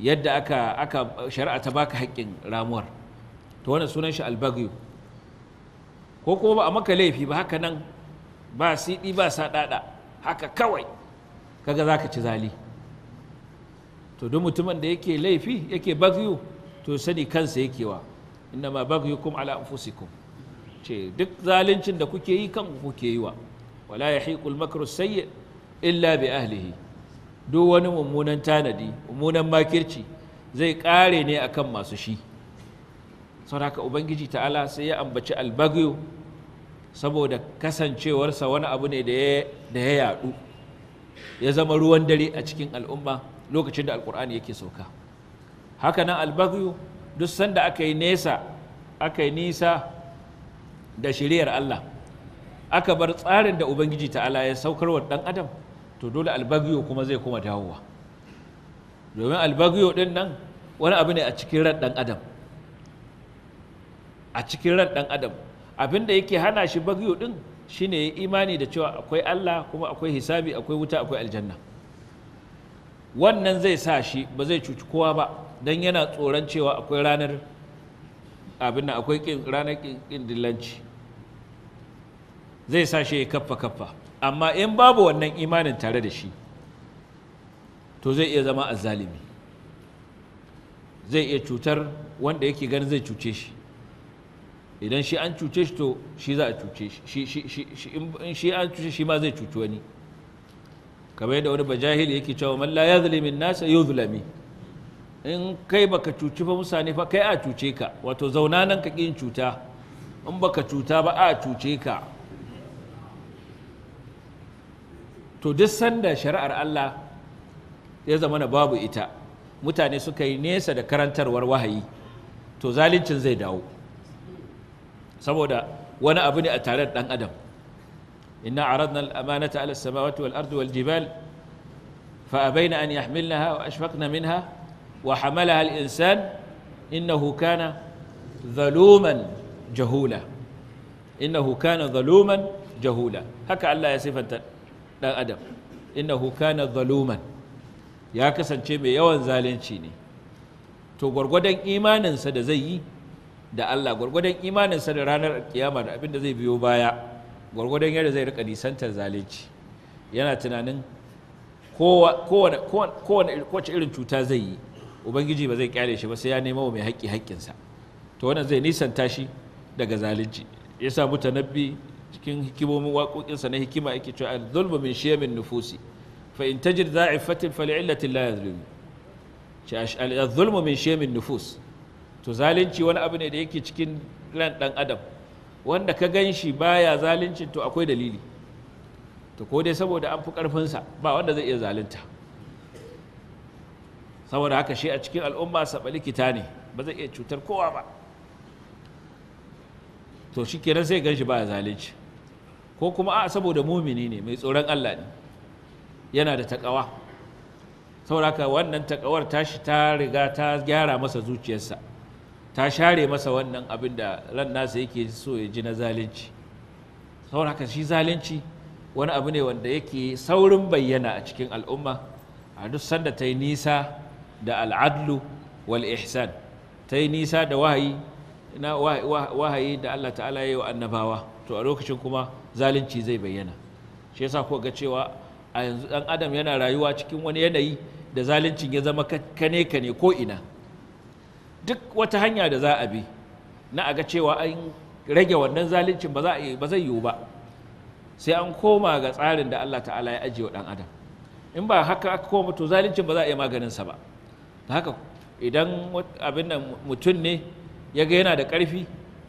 yadda aka shari'a ta baka hakkin ramuwar to wannan sunan shi albagyo ko kuma ba a maka laifi ba haka nan ba siɗi ba ɗaɗa haka kawai kaga za ka ci zali to duk mutumin da yake laifi yake bagyu to sani kansa yake wa inna ma bagyukum ala anfusikum ce duk zaluncin da kuke yi kan kuke yi wa wala yahiqul makru sayyi illa bi ahlihi duk wani mummunan tanadi mummunan makirci zai kare ne akan masu shi saboda ubangiji ta'ala sai ya ambaci albagyo saboda kasancewarsa wani abu ne da ya yadu ya zama ruwan dare a cikin al'umma lokacin da alkur'ani yake sauka Haka nan albagyo duk sanda aka yi nesa aka yi nisa da shiriyar Allah aka bar tsarin da ubangiji ta'ala ya saukarwa dan adam to dole albagyo kuma zai kuma dawowa domin albagyo din nan wani abu ne a cikin ran dan adam a cikin ran ɗan adam abin da yake hana shi bagyo ɗin shine ya imani da cewa akwai Allah kuma akwai hisabi akwai wuta akwai aljanna wannan zai sa shi ba zai cuci kowa ba don yana tsoron cewa akwai ranar abin da akwai ranar ƙin dillanci zai sa shi ya kaffa kaffa amma in babu wannan imanin tare da shi to zai iya zama azzalimi zai iya cutar wanda yake ganin zai cuce shi idan shi an cuce shi to shi za a cuce shi in shi an cuce shi ma zai cuci wani kamar yadda wani bajahil yake cewa man la yazlimin nasa yuzlami in kai baka cuci fa musane fa kai a cuce ka wato zauna nan ka kin cuta in baka cuta ba a cuce ka to duk sanda shari'ar Allah ya zama na babu ita mutane suka yi nesa da karantarwar wahayi to zaluncin zai dawo saboda wani abu ne a tare da ɗan adam inna aradna al-amanata ala samawati wal ardi wal jibal fa abaina an yahmilnaha wa ashfaqna minha wa hamalaha al-insan innahu kana zaluman jahula innahu kana zaluman jahula haka Allah ya sifanta dan adam innahu kana zaluman ya kasance mai yawan zalunci ne to gwargwadon imaninsa da zai yi da Allah gwargwadon imaninsa da ranar kiyama da abin da zai biyo baya gwargwadon yadda zai rika nisantar zalunci yana tunanin kowace irin cuta zai yi ubangiji ba zai kyale shi ba sai ya nema wa mai haƙƙi haƙƙinsa to wannan zai nisanta shi daga zalunci ya sa mutanabbi cikin hikimomin waƙoƙinsa na hikima yake cewa al-zulmu min nufusi fa in tajid dha'ifatin fa li'illatin la yadhlim al-zulmu min shiyamin nufus to zalunci wani abu ne da yake cikin ran dan adam wanda ka gan shi baya zaluncin to akwai dalili to ko dai saboda an fi karfinsa ba wanda zai iya zalunta saboda haka shi a cikin al'umma saɓa likita ne ba zai iya cutar kowa ba to shi kenan sai gan shi baya zalunci ko kuma a saboda mumini ne mai tsoron allah ne yana da takawa. saboda haka wannan takawar tashi ta riga ta gyara masa zuciyarsa ta share masa wannan abin da ran nasa yake so ya ji na zalunci saboda haka shi zalunci wani abu ne wanda yake saurin bayyana a cikin al'umma a duk sanda ta yi nisa da al'adlu wal ihsan ta yi nisa da wahayi na wahayi da Allah ta'ala ya yi wa annabawa to a lokacin kuma zalunci zai bayyana shi yasa ko ga cewa a yanzu dan adam yana rayuwa cikin wani yanayi da zaluncin ya zama kane kane ko ina duk wata hanya da za a bi na ga cewa an rage wannan zalincin ba zai yiwu ba sai an koma ga tsarin da Allah ta'ala ya ajiye wa ɗan adam in ba haka aka koma to zalincin ba za a iya maganinsa ba ta haka idan abin da mutum ne ya ga yana da ƙarfi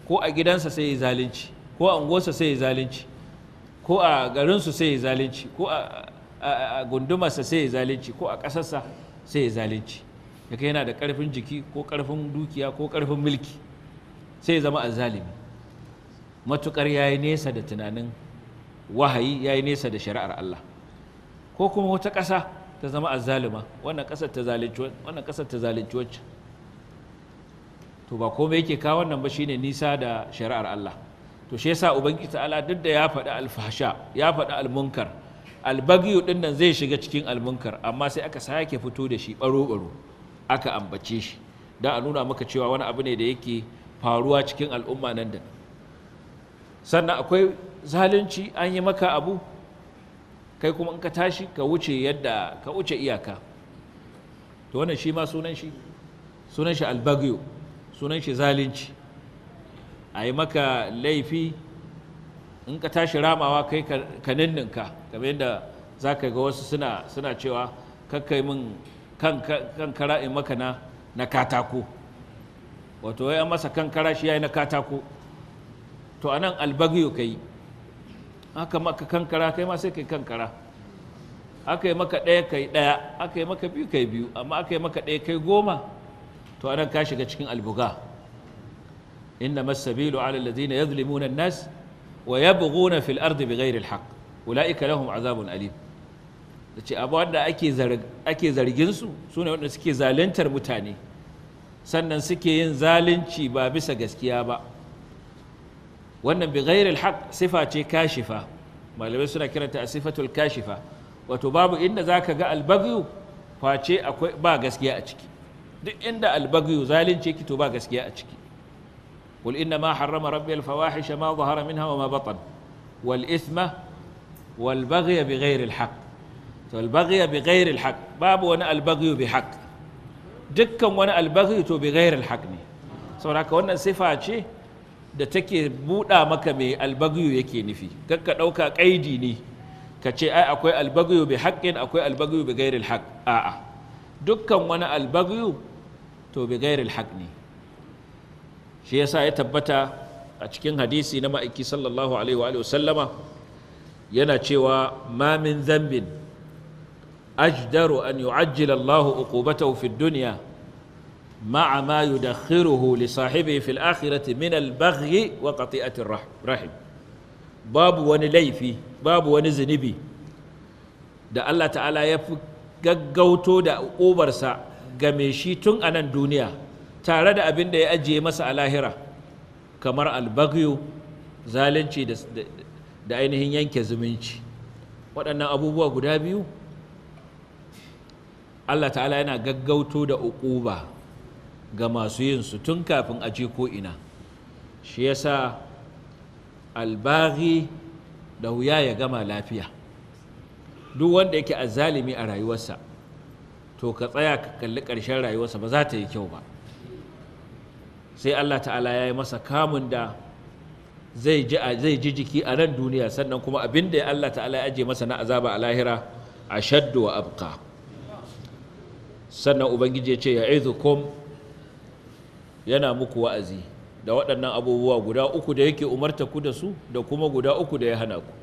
ko a gidansa sai ya zalunci ko a unguwarsa sai ya zalunci ko a garinsu sai ya zalunci ko a gundumarsa sai ya zalunci ko a ƙasarsa sai ya zalunci ya kai yana da ƙarfin jiki ko ƙarfin dukiya ko ƙarfin mulki sai ya zama azzalimi matuƙar ya yi nesa da tunanin wahayi ya yi nesa da shari'ar Allah ko kuma wata ƙasa ta zama azzalima wannan wannan ƙasar ta zalunci wacce to ba komai yake kawo wannan ba shine nisa da shari'ar Allah to shi yasa ubangiji ta'ala duk da ya faɗi alfasha ya faɗi almunkar albagiyu ɗin nan zai shiga cikin almunkar amma sai aka sake fito da shi ɓaro-ɓaro aka ambace shi don a nuna maka cewa wani abu ne da yake faruwa cikin al'umma nan da sannan akwai zalunci an yi maka abu kai kuma in ka tashi ka wuce yadda ka wuce iyaka to wannan shi ma sunan shi sunan shi albagyo sunan shi zalunci a yi maka laifi in ka tashi ramawa kai ka ninninka kamar yadda za ka ga wasu suna cewa kakkai min kan kara in maka na na katako wato ya masa kan kara shi yayi na katako to anan albagiyo kai haka maka kan kara kai ma sai kai kankara aka yi maka ɗaya kai ɗaya aka yi maka biyu kai biyu amma aka yi maka ɗaya kai goma to anan ka shiga cikin albuga inna masabilu ala alladhina yadhlimuna an-nas wa yabghuna fil ardi bighairi al-haqq ulaika lahum azabun alim da ce abu wanda ake zarginsu su ne wanda suke zaluntar mutane sannan suke yin zalunci ba bisa gaskiya ba wannan bi ghairil haq sifa ce kashifa malamai suna kiranta a sifatul kashifa wato babu inda za ka ga albagyu face akwai ba gaskiya a ciki duk inda albagyu zalunci ki to ba gaskiya a ciki قل إنما حرم ربي الفواحش ما ظهر منها وما بطن والإثم والبغي بغير الحق to albaghiya bi ghairi alhaq babu wani albaghiyu bi haq dukkan wani albaghiyu to bi ghairi alhaq ne saboda haka wannan sifa ce da take buɗa maka mai albaghiyu yake nufi kakka ɗauka ƙaidi ne ka ce ai akwai albaghiyu bi haqqin akwai albaghiyu bi ghairi alhaq a'a dukkan wani albaghiyu to bi ghairi alhaq ne shi yasa ya tabbata a cikin hadisi na ma'aiki sallallahu alaihi wa sallama yana cewa ma min zambin ajdaru an yu'ajjilallahu Allahu uqubatahu fid dunya ma'a ma yudakhiruhu li sahibihi fil akhirati min al-baghi wa qati'ati babu wani laifi babu wani zunubi da Allah ta'ala ya fi gaggauto da ubarsa game shi tun anan duniya tare da abin da ya ajiye masa a lahira kamar albagyo zalunci da ainihin yanke zumunci waɗannan abubuwa guda biyu Allah ta'ala yana gaggauto da uquba ga masu yin su tun kafin a je ko ina shi yasa albaghi da wuya ya gama lafiya duk wanda yake azzalimi a rayuwarsa to ka tsaya ka kalli ƙarshen rayuwarsa ba za ta yi kyau ba sai Allah ta'ala ya yi masa kamun da zai ji jiki a nan duniya sannan kuma abin da Allah ta'ala ya aje masa na azaba a lahira a shaddu wa abqa sannan ubangiji ya ce ya izukum yana muku wa'azi da waɗannan abubuwa guda uku da yake umarta ku da su da kuma guda uku da ya hana ku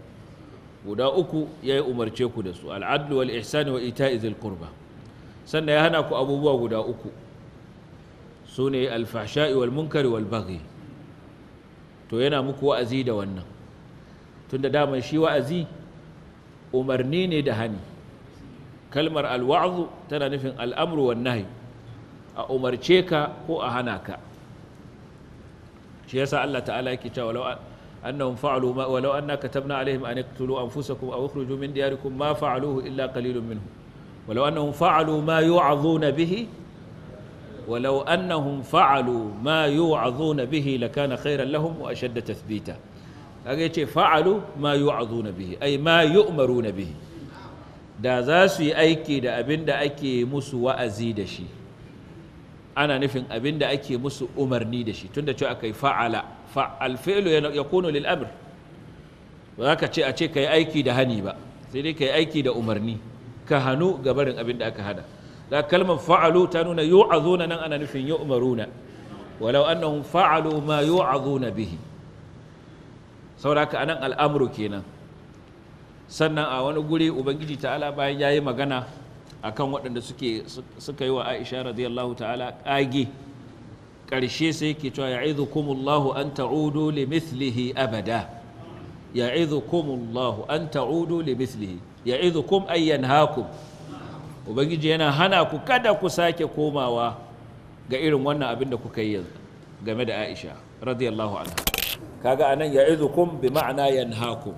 guda uku ya yi umarce ku da su al'adlu wal ihsani wa ita'i zil kurba sannan ya hana ku abubuwa guda uku su ne alfahsha'i wal munkari wal baghi to yana muku wa'azi da wannan tunda daman shi wa'azi umarni ne da hani kalmar alwa'azu tana nufin al'amru wan nahi a umarce ka ko a hana ka shi yasa Allah ta'ala yake cewa walau annahum fa'alu ma walau anna katabna alaihim an iqtulu anfusakum aw ukhrijoo min diyarikum ma fa'aluhu illa qalilun minhum walau annahum fa'alu ma yu'adhuna bihi walau annahum fa'alu ma yu'adhuna bihi lakana khayran lahum wa ashadda tathbita kage yace fa'alu ma yu'adhuna bihi ay ma yu'maruna bihi da za su yi aiki da abin da ake musu wa'azi da shi ana nufin abin da ake musu umarni da shi tunda cewa aka yi fa'ala fa'al ya kunu lil'amur. ba za ka ce a ce ka yi aiki da hani ba sai dai ka yi aiki da umarni ka hannu ga barin abin da aka hada da kalmar fa'alu ta nuna yu'azuna nan ana nufin yu'maruna walau annahum fa'alu ma yu'azuna bihi saboda haka anan al'amru kenan sannan a wani guri ubangiji ta'ala bayan ya yi magana akan waɗanda suka yi wa aisha radiyallahu ta'ala ƙage ƙarshe sai yake cewa ya'idhukumullahu an ta'udu li mithlihi abada an ta'udu li ubangiji yana hana ku kada ku sake komawa ga irin wannan abin da kuka yi game da aisha radiyallahu anha kaga anan ya'idukum bi ma'ana yanhaakum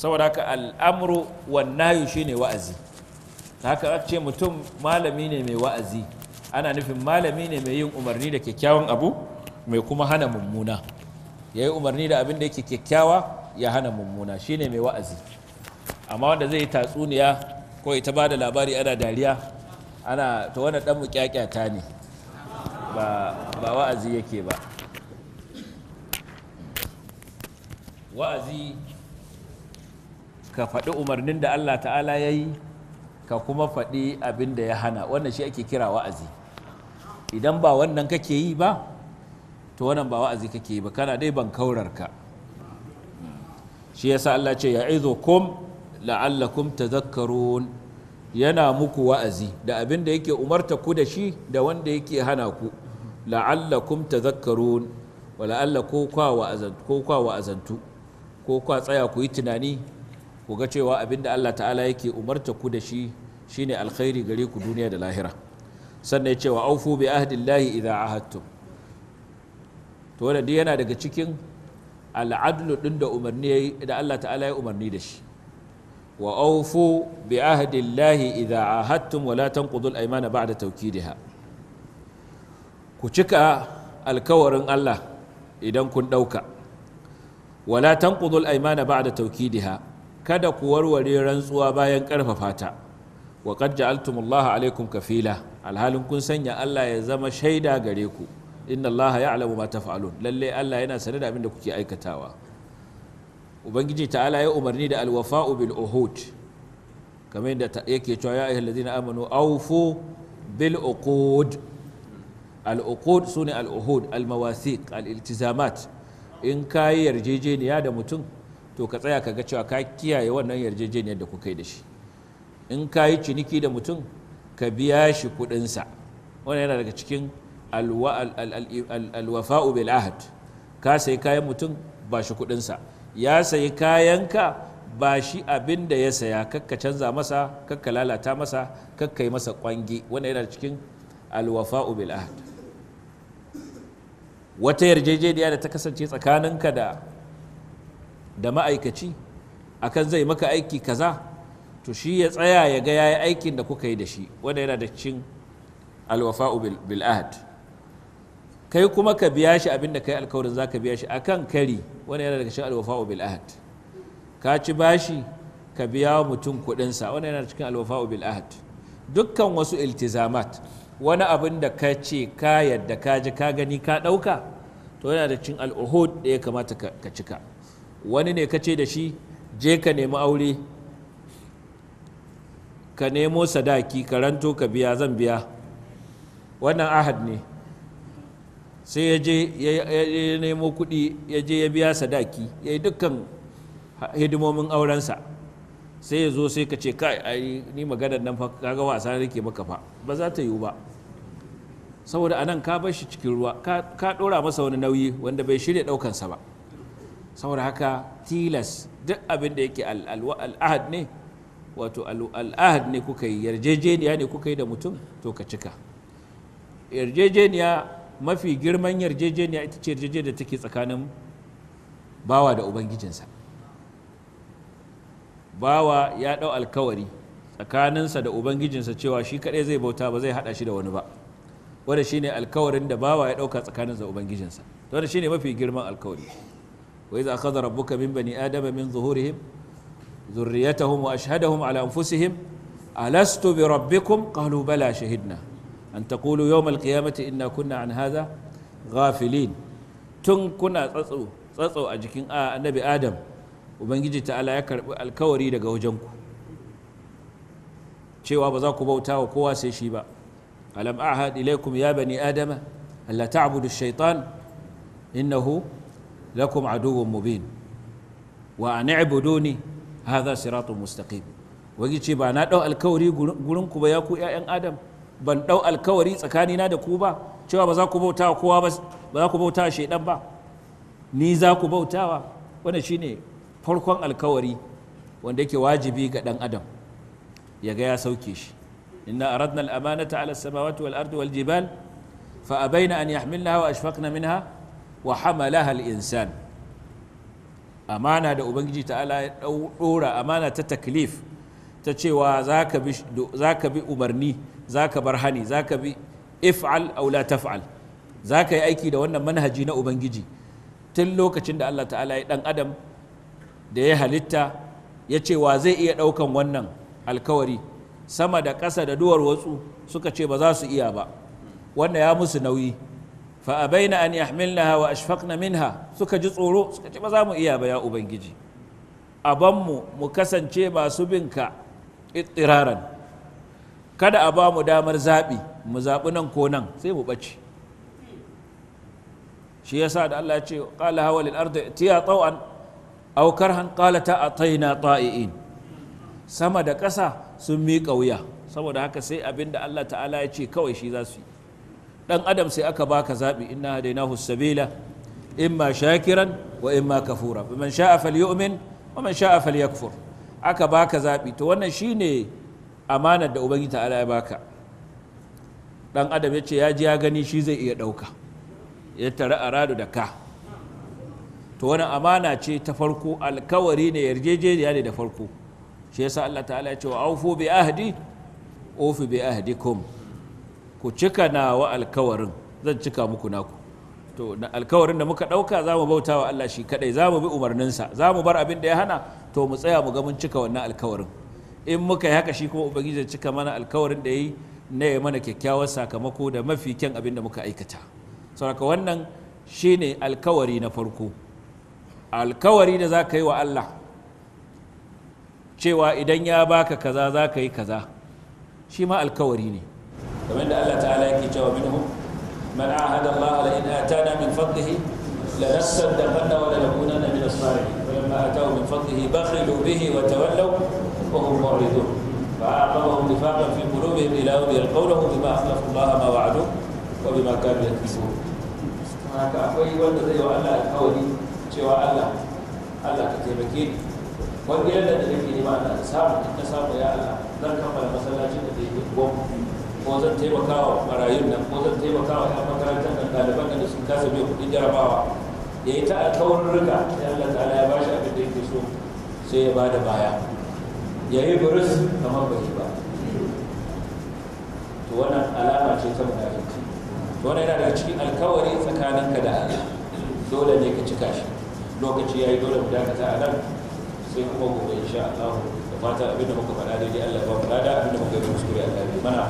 saboda haka al'amru wannayu ne wa'azi haka ce mutum malami ne mai wa'azi ana nufin malami ne mai yin umarni da kyakkyawan abu mai kuma hana mummuna ya yi umarni da abin da yake kyakkyawa ya hana mummuna shi ne mai wa'azi amma wanda zai yi tatsuniya ko ita ba da labari ana dariya ana ta wani ɗan mukyakyata ne ba wa'azi yake ba wa'azi ka faɗi umarnin da Allah ta'ala ya yi ka kuma faɗi abin da ya hana wannan shi ake kira wa'azi idan ba wannan kake yi ba to wannan ba wa'azi kake yi ba kana dai ban kaurarka shi yasa Allah ce ya kum la'allakum tadhakkarun yana muku wa'azi da abin da yake umarta ku da shi da wanda yake hana ku la'allakum tadhakkarun wa la'alla ko kwa wa'azantu ko kwa tsaya ku yi tunani ku ga cewa abin da Allah ta'ala yake umarta ku da shi shine alkhairi gare ku duniya da lahira sannan ya ce wa aufu bi ahdillahi idza ahadtum to wannan dai yana daga cikin al'adlu din da umarni da Allah ta'ala ya umarni da shi wa aufu bi ahdillahi idza ahadtum wa la tanqudu al-aymana ba'da tawkidiha ku cika alkawarin Allah idan kun dauka wala tanqudu al-aymana ba'da tawkidiha kada ku warware rantsuwa bayan ƙarfafa ta wa qad alaikum kafila alhalin kun sanya Allah ya zama shaida gare ku inna Allah ya'lamu ma taf'alun lalle Allah yana sane da abin da kuke aikatawa ubangiji ta'ala ya umarni da alwafa'u bil uhud kamar yadda yake cewa ya ayyuhal ladina amanu awfu bil uqud al uqud sune al uhud al mawathiq al iltizamat in kai yarjejeniya da mutum to ka tsaya ka ga cewa ka kiyaye wannan yarjejeniyar da kuka yi da shi in ka yi ciniki da mutum ka biya shi kuɗinsa wannan yana daga cikin alwafa'u bil ahad ka sayi kayan mutum ba shi kuɗinsa ya sayi kayanka ba shi abin da ya saya kakka canza masa kakka lalata masa kakka yi masa kwangi Wannan yana cikin alwafa'u bil ahad wata yarjejeniya da ta kasance tsakaninka da da ma'aikaci akan zai maka aiki kaza to shi ya tsaya ya ga yayi aikin da kuka yi da shi wanda yana da cin alwafa'u bil ahad kai kuma ka biya shi abin da kai alkawarin zaka biya shi akan kari wanda yana daga cikin alwafa'u bil ahad ka ci bashi ka biya wa mutum kuɗinsa wanda yana cikin alwafa'u bil ahad dukkan wasu iltizamat wani abin da ka ce ka yadda ka ji ka gani ka ɗauka to yana da cin al'uhud da ya kamata ka cika wani ne kace da shi je ka nemi aure ka nemo sadaki karanto ka biya zan biya wannan ahad ne sai ya je ya nemo kuɗi ya je ya biya sadaki ya yi dukkan hidimomin aurensa sai ya zo sai ka ce kai ni maganar nan kaga wasa rike maka fa ba za ta yiwu ba saboda anan ka bar shi cikin ruwa ka ɗora masa wani nauyi wanda bai shirya ɗaukansa ba saboda haka tilas duk abin da yake al'ahad ne wato al'ahad ne kuka yi yarjejeniya ne kuka yi da mutum to ka cika yarjejeniya mafi girman yarjejeniya ita ce yarjejeniya da take tsakanin bawa da ubangijinsa bawa ya ɗau alkawari tsakaninsa da ubangijinsa cewa shi kaɗai zai bauta ba zai haɗa shi da wani ba wanda shine alkawarin da bawa ya ɗauka tsakaninsa da ubangijinsa wanda shine mafi girman alkawari wa iza akhadha rabbuka min bani adama min zuhurihim ذريتهم وأشهدهم على أنفسهم ألست بربكم قالوا بلى شهدنا أن تقولوا يوم القيامة إنا كنا عن هذا غافلين تن كنا تسو تسو أجكين آه النبي آدم وبنجي تعالى يكرب الكوري دقا وجنكو شيء وابزاكو بوتا وكوا سيشيبا ألم أعهد إليكم يا بني آدم ألا تعبدوا الشيطان إنه lakum aduwwun mubin wa an ibuduni hadha siratun mustaqim wani ce ba na dau alkawari gurin ku ba ya ku ƴaƴan adam ban dau alkawari tsakanina da ku ba cewa ba za ku bauta kowa ba ba za ku bauta shaidan ba ni za ku bautawa wannan shine farkon alkawari wanda yake wajibi ga ɗan adam ya ga ya sauke shi inna aradna al-amanata ala as-samawati wal ardi wal jibal fa abaina an yahmilnaha wa ashfaqna minha wa hamalaha al-insan amana da ubangiji ta'ala ya ɗora amana ta taklif ta cewa za ka bi umarni za ka bar hani za ka bi if'al aw la taf'al za ka yi aiki da wannan manhaji na ubangiji tun lokacin da allah ta'ala ya ɗan adam da ya halitta ya ce wa zai iya ɗaukan wannan alkawari sama da ƙasa da duwar watsu suka ce ba za su iya ba wannan ya musu nauyi fa a abaina an yahmilnaha wa na minha suka ji tsoro suka ce ba za mu iya baya ubangiji abanmu mu kasance masu binka ittiraran kada a ba mu damar zaɓi mu zaɓi nan ko nan sai mu ɓace shi yasa da Allah ya ce qala hawa lil ardi tiya taw'an aw karhan qala ta ataina ta'iin sama da ƙasa sun miƙa wuya saboda haka sai abinda Allah ta'ala ya ce kawai shi za su yi dan adam sai aka baka zabi inna hadainahu sabila imma shakiran wa imma kafura man sha'a falyu'min wa man sha'a falyakfur aka baka zaɓi to wannan shine amanar da ubangiji ta'ala ya baka dan adam ya ce ya ji ya gani shi zai iya ɗauka ya tare a da ka to wani amana ce ta farko alkawari ne yarjejeniya ne da farko shi yasa Allah ta'ala ya ce wa aufu bi ahdi ofi bi ahdikum ku cika nawa alkawarin zan cika muku naku to alkawarin da muka ɗauka za mu bauta wa Allah shi kaɗai za mu bi umarninsa za mu bar abin da ya hana to mu tsaya mu ga mun cika wannan alkawarin in muka yi haka shi kuma ubangiji zai cika mana alkawarin da ya yi na ya mana kyakkyawar sakamako da mafi kyan abin da muka aikata saboda wannan shine alkawari na farko alkawari da za ka yi wa Allah cewa idan ya baka kaza za ka yi kaza shi ma alkawari ne ومن الله تعالى يكتب منهم من عاهد الله لئن اتانا من فضله لنصدقن ولنكونن من الصالحين فلما اتاه من فضله بخلوا به وتولوا وهم معرضون فاعقبهم نفاقا في قلوبهم الى يوم يلقونه بما اخلفوا الله ما وعدوا وبما كانوا يكسبون هناك اخوي ولد زي وانا الحولي سوى الله الله كتب كيف وقال لنا ذلك لما نسامح نسامح يا الله نركب المسلاجين اللي يقوم ko zan taimaka wa marayun nan ko zan taimaka wa ɗan makarantar nan ɗaliban nan da sun kasa biyan kuɗin jarabawa ya yi ta rika sai Allah ta'ala ya bashi abin da yake so sai ya bada baya ya yi buris kamar bai ba to wannan alama ce ta munafiki to wannan yana daga cikin alkawari tsakaninka da Allah dole ne ka cika shi lokaci ya yi dole mu dakata a nan sai kuma gobe insha Allah da fata abinda muka faɗa daidai Allah ba mu rada abinda muka yi muskuri Allah bai mana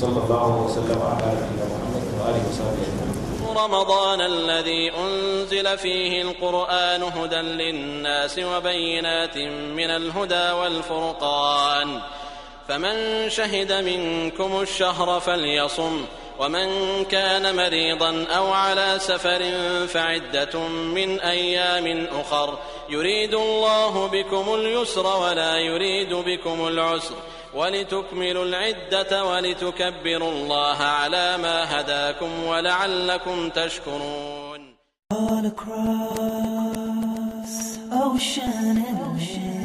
صلى الله وسلم على نبينا محمد وآله وصحبه أجمعين رمضان الذي أنزل فيه القرآن هدى للناس وبينات من الهدى والفرقان فمن شهد منكم الشهر فليصم ومن كان مريضا أو على سفر فعدة من أيام أخر يريد الله بكم اليسر ولا يريد بكم العسر ولتكملوا العدة ولتكبروا الله على ما هداكم ولعلكم تشكرون All across ocean and ocean.